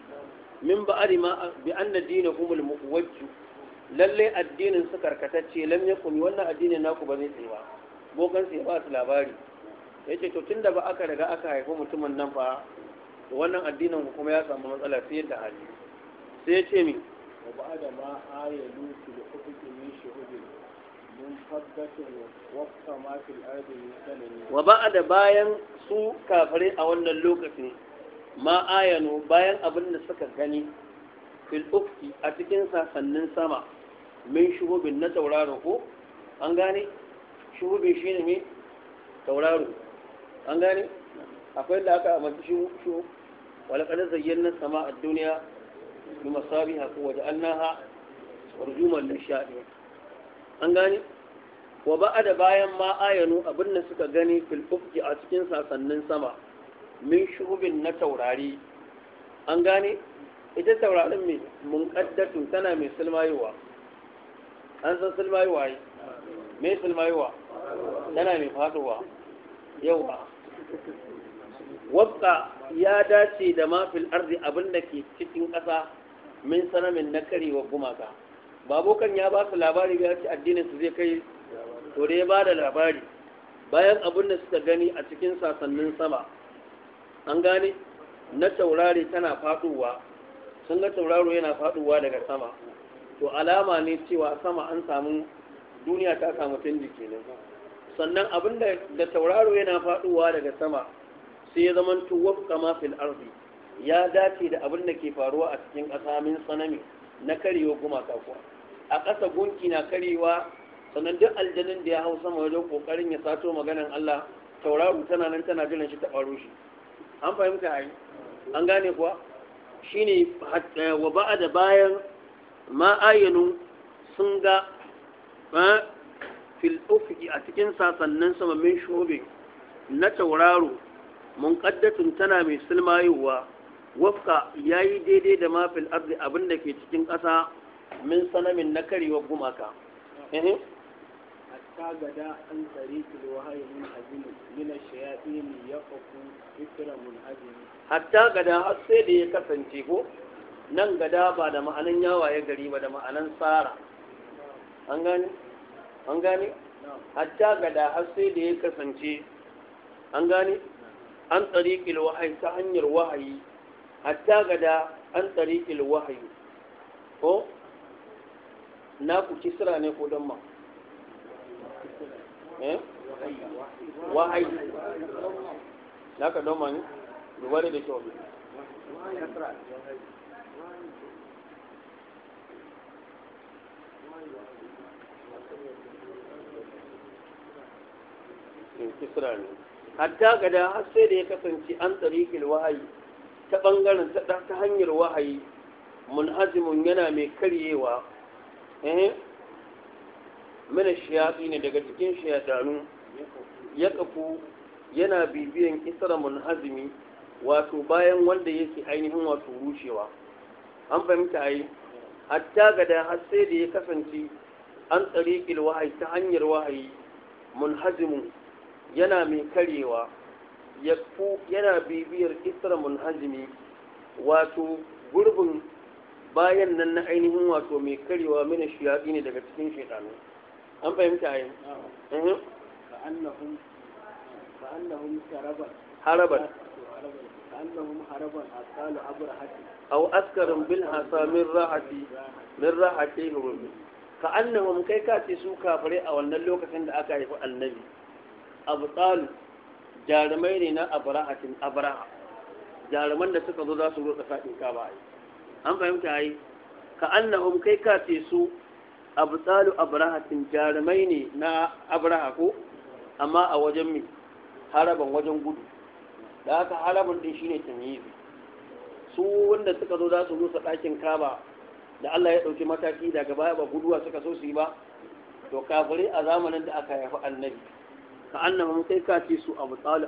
min ba arima bi an na dina kumul wajju lalle addinin su karkatacce lam ya kumi wannan addinin naku ba zai tsaye ba bokan sai ba su labari ya ce to tun da ba aka daga aka haifi mutumin nan ba wannan addinin ku kuma ya samu matsala sai ta hali sai ya ce min wa ba da ma ayalu su da hukumin shuhudin wa ba da bayan su kafare a wannan lokacin ma ayano bayan abin da suka gani fil ufki a cikin sasannin sama min shuhubin na tauraro ko an gane shuhubin shi ne mai tauraro an gane akwai da aka amince shuhub wala kada zayyana sama a duniya bi masabiha ko waje annaha warjuman lishadi an gane wa da bayan ma ayanu abin da suka gani fil ufqi a cikin sasannin sama min shubin na taurari an gane ita taurarin mai munkaddatu tana mai sulmayowa an san sulmayowa yi mai sulmayowa tana mai faduwa yawa wabka ya dace da mafil arzi abin da ke cikin ƙasa min sanamin na karewa gumaka babokan ya ba su labari ya ce addinin su zai kai to dai ba da labari bayan abin da suka gani a cikin sasannin sama an gane na taurari tana faduwa sun ga tauraro yana faduwa daga sama to alama ne cewa sama an samu duniya ta samu canji kenan sannan abin da tauraro yana faduwa daga sama sai ya zama tuwaf kama fil ardi ya dace da abin da ke faruwa a cikin ƙasa min tsanami na karewa gumaka kuwa a ƙasa gunki na karewa sannan duk aljanin da ya hau sama wajen kokarin ya sato maganan Allah tauraro tana nan tana jiran shi ta faro shi an fahimta ai an gane kuwa shine wa ba'a da bayan ma ayinu sun ga fil ufqi a cikin sasannin min shobe na tauraro qaddatun tana mai silmayowa wafka yayi daidai da ma ardi abinda ke cikin ƙasa min sanamin na karewa gumaka kagada an tsari kilwahayi mun azimi mina shayaɗi ne ya faku fikira mun azimi hatta gada har sai da ya kasance ko nan gada ba da ma'anan yawaye gari ba da ma'anan tsara an gani an gani hatta gada har sai da ya kasance an gani an tsari kilwahayi ta hanyar wahayi hatta gada an tsari wahayi ko na ku kisra ne ko don ma eh wahayi ka duware da kyau kisra ne hatta gada har sai da ya kasance an tsarikin wahayi ta ɓangaren ta hanyar wahayi munhazimun yana mai karyewa eh? mana shayatsi ne daga cikin shayatanu ya kafu yana bibiyan isra munhazimi wato bayan wanda yake ainihin wato rushewa an fahimta ai hatta gada har sai da ya kasance an tsariƙil wahayi ta hanyar wahayi munhazimun yana mai karewa ya yana bibiyar isra munhazimi wato gurbin bayan nan na ainihin wato mai karewa mini shiyaɗi ne daga cikin shaidanu An fahimci mhm. ayi. Ka annahumme harabar a Butsalu Aburhasi. A waƙoƙarin bilhasa min raha teku Ka annama su kafare a wannan lokacin da aka haifi annabi. A jarumai ne na Aburhasi, Aburaha jaruman da suka zo za su rusa fadin kama yai. An fahimci ayi. Ka annama mun kai kace su. abtsalu abrahatin jarumai ne na abraha ko amma a wajen mai haraban wajen gudu da haka haraban din shine tamyizi su wanda suka zo za su rusa ɗakin kaba da Allah ya ɗauki mataki daga baya ba guduwa suka so su yi ba to kafirai a zamanin da aka haifi annabi ka annaba kai ka su abu tsalu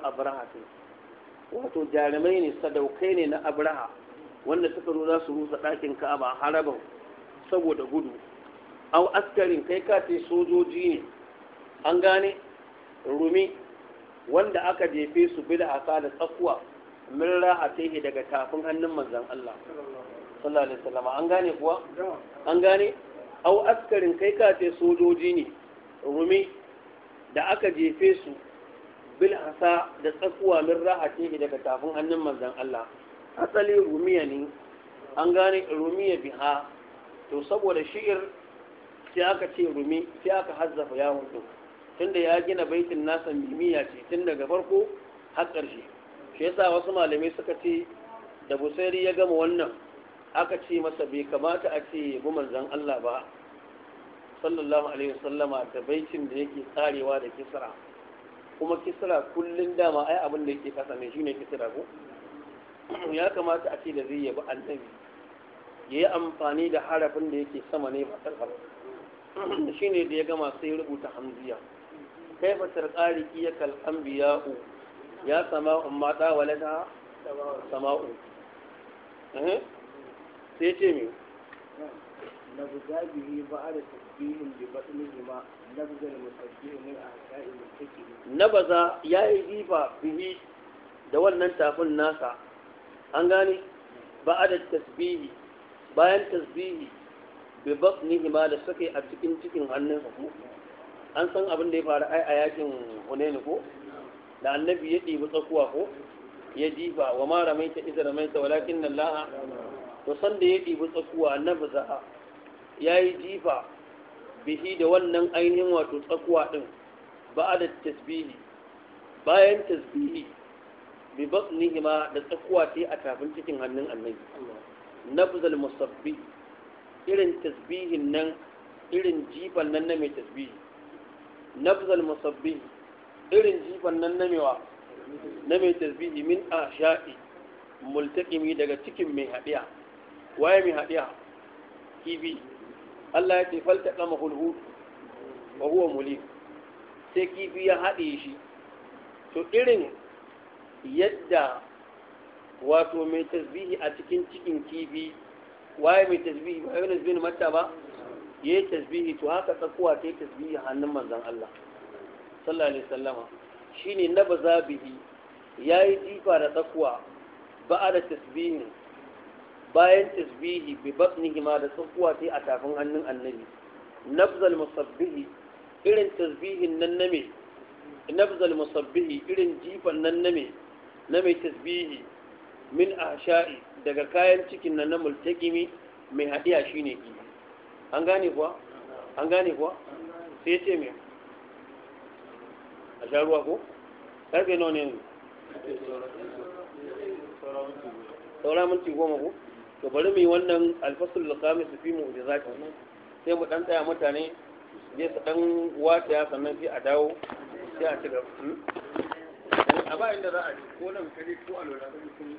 wato jarumai ne sadaukai ne na abraha wanda suka zo za su rusa ɗakin kaba haraban saboda gudu au askarin kai ka ce sojoji ne an gane rumi wanda aka jefe su bi da aka da tsakuwa min ra'atihi daga tafin hannun manzon Allah sallallahu alaihi wasallam an gane kuwa an gane au askarin kai ka ce sojoji ne rumi da aka jefe su bil asa da tsakuwa min ra'atihi daga tafin hannun manzon Allah asali rumiya ne an gane rumiya biha to saboda shi'ir sai aka ce rumi sai aka hazzafa yawon din tunda ya gina baitin nasa mimiya ce tun daga farko har ƙarshe shi yasa wasu malamai suka ce da busairi ya gama wannan aka ce masa bai kamata a ce bu manzan Allah ba sallallahu alaihi wasallama da baitin da yake tsarewa da kisra kuma kisra kullun dama ai abin da yake kasa ne shine kisra ko ya kamata a ce da zai yabi annabi yayi amfani da harafin da yake sama ne ba ƙarfa shine da ya gama sai rubuta hamziya kai sarqari ki ya anbiya biya'u ya sama umma ta walada sama'u eh? sai ce mi na baza ya ba da tasbihin bi batni jima nabza al min ahsa'i diba bihi da wannan tafin nasa an gane ba da tasbihi bayan tasbihi bi hima da suka a cikin cikin hannun su an san abin da ya faru ai a yakin hunaini ko da annabi ya ɗibi tsakuwa ko ya jifa wa ma ramaita idza ramaita walakin Allah to san da ya ɗibi tsakuwa annabi za'a yayi jifa bihi da wannan ainihin wato tsakuwa din da tasbihi bayan tasbihi bi hima da tsakuwa ce a tafin cikin hannun annabi nabzal musabbi irin tasbihin nan irin jifan nan na mai tasbihi nafzal musabbi irin jifan nan na mewa na mai tasbihi min asha'i multaqimi daga cikin mai hadiya waye mai hadiya kibi Allah ya ce falta kama hulhu wa huwa muli sai kifi ya haɗe shi to irin yadda wato mai tasbihi a cikin cikin kifi waye mai tasbihi ba yana zbin mata ba yi tasbihi to haka tsakuwa ta yi tasbihi hannun manzon Allah sallallahu alaihi wasallama shine na bazabihi yayi jifa da tsakuwa ba da tasbihin bayan tasbihi bi batnihi ma da tsakuwa ta yi a tafin hannun annabi Nafzal musabbihi irin tasbihin nan na me nafzal musabbihi irin jifan nan na me na mai tasbihi min ahsha'i daga kayan cikin nan na multakimi mai haɗiya shi ne kima an gane kuwa an gane kuwa sai ce mai a sharuwa ko ƙarfe nawa ne saura minti goma ko to bari mu wannan alfasul da lakami su fi mu da za ka sai mu ɗan tsaya mutane je su ɗan wata ya sannan sai a dawo sai a ci gaba hmm? a ba inda za a ji ko nan kare ko a lura da mutum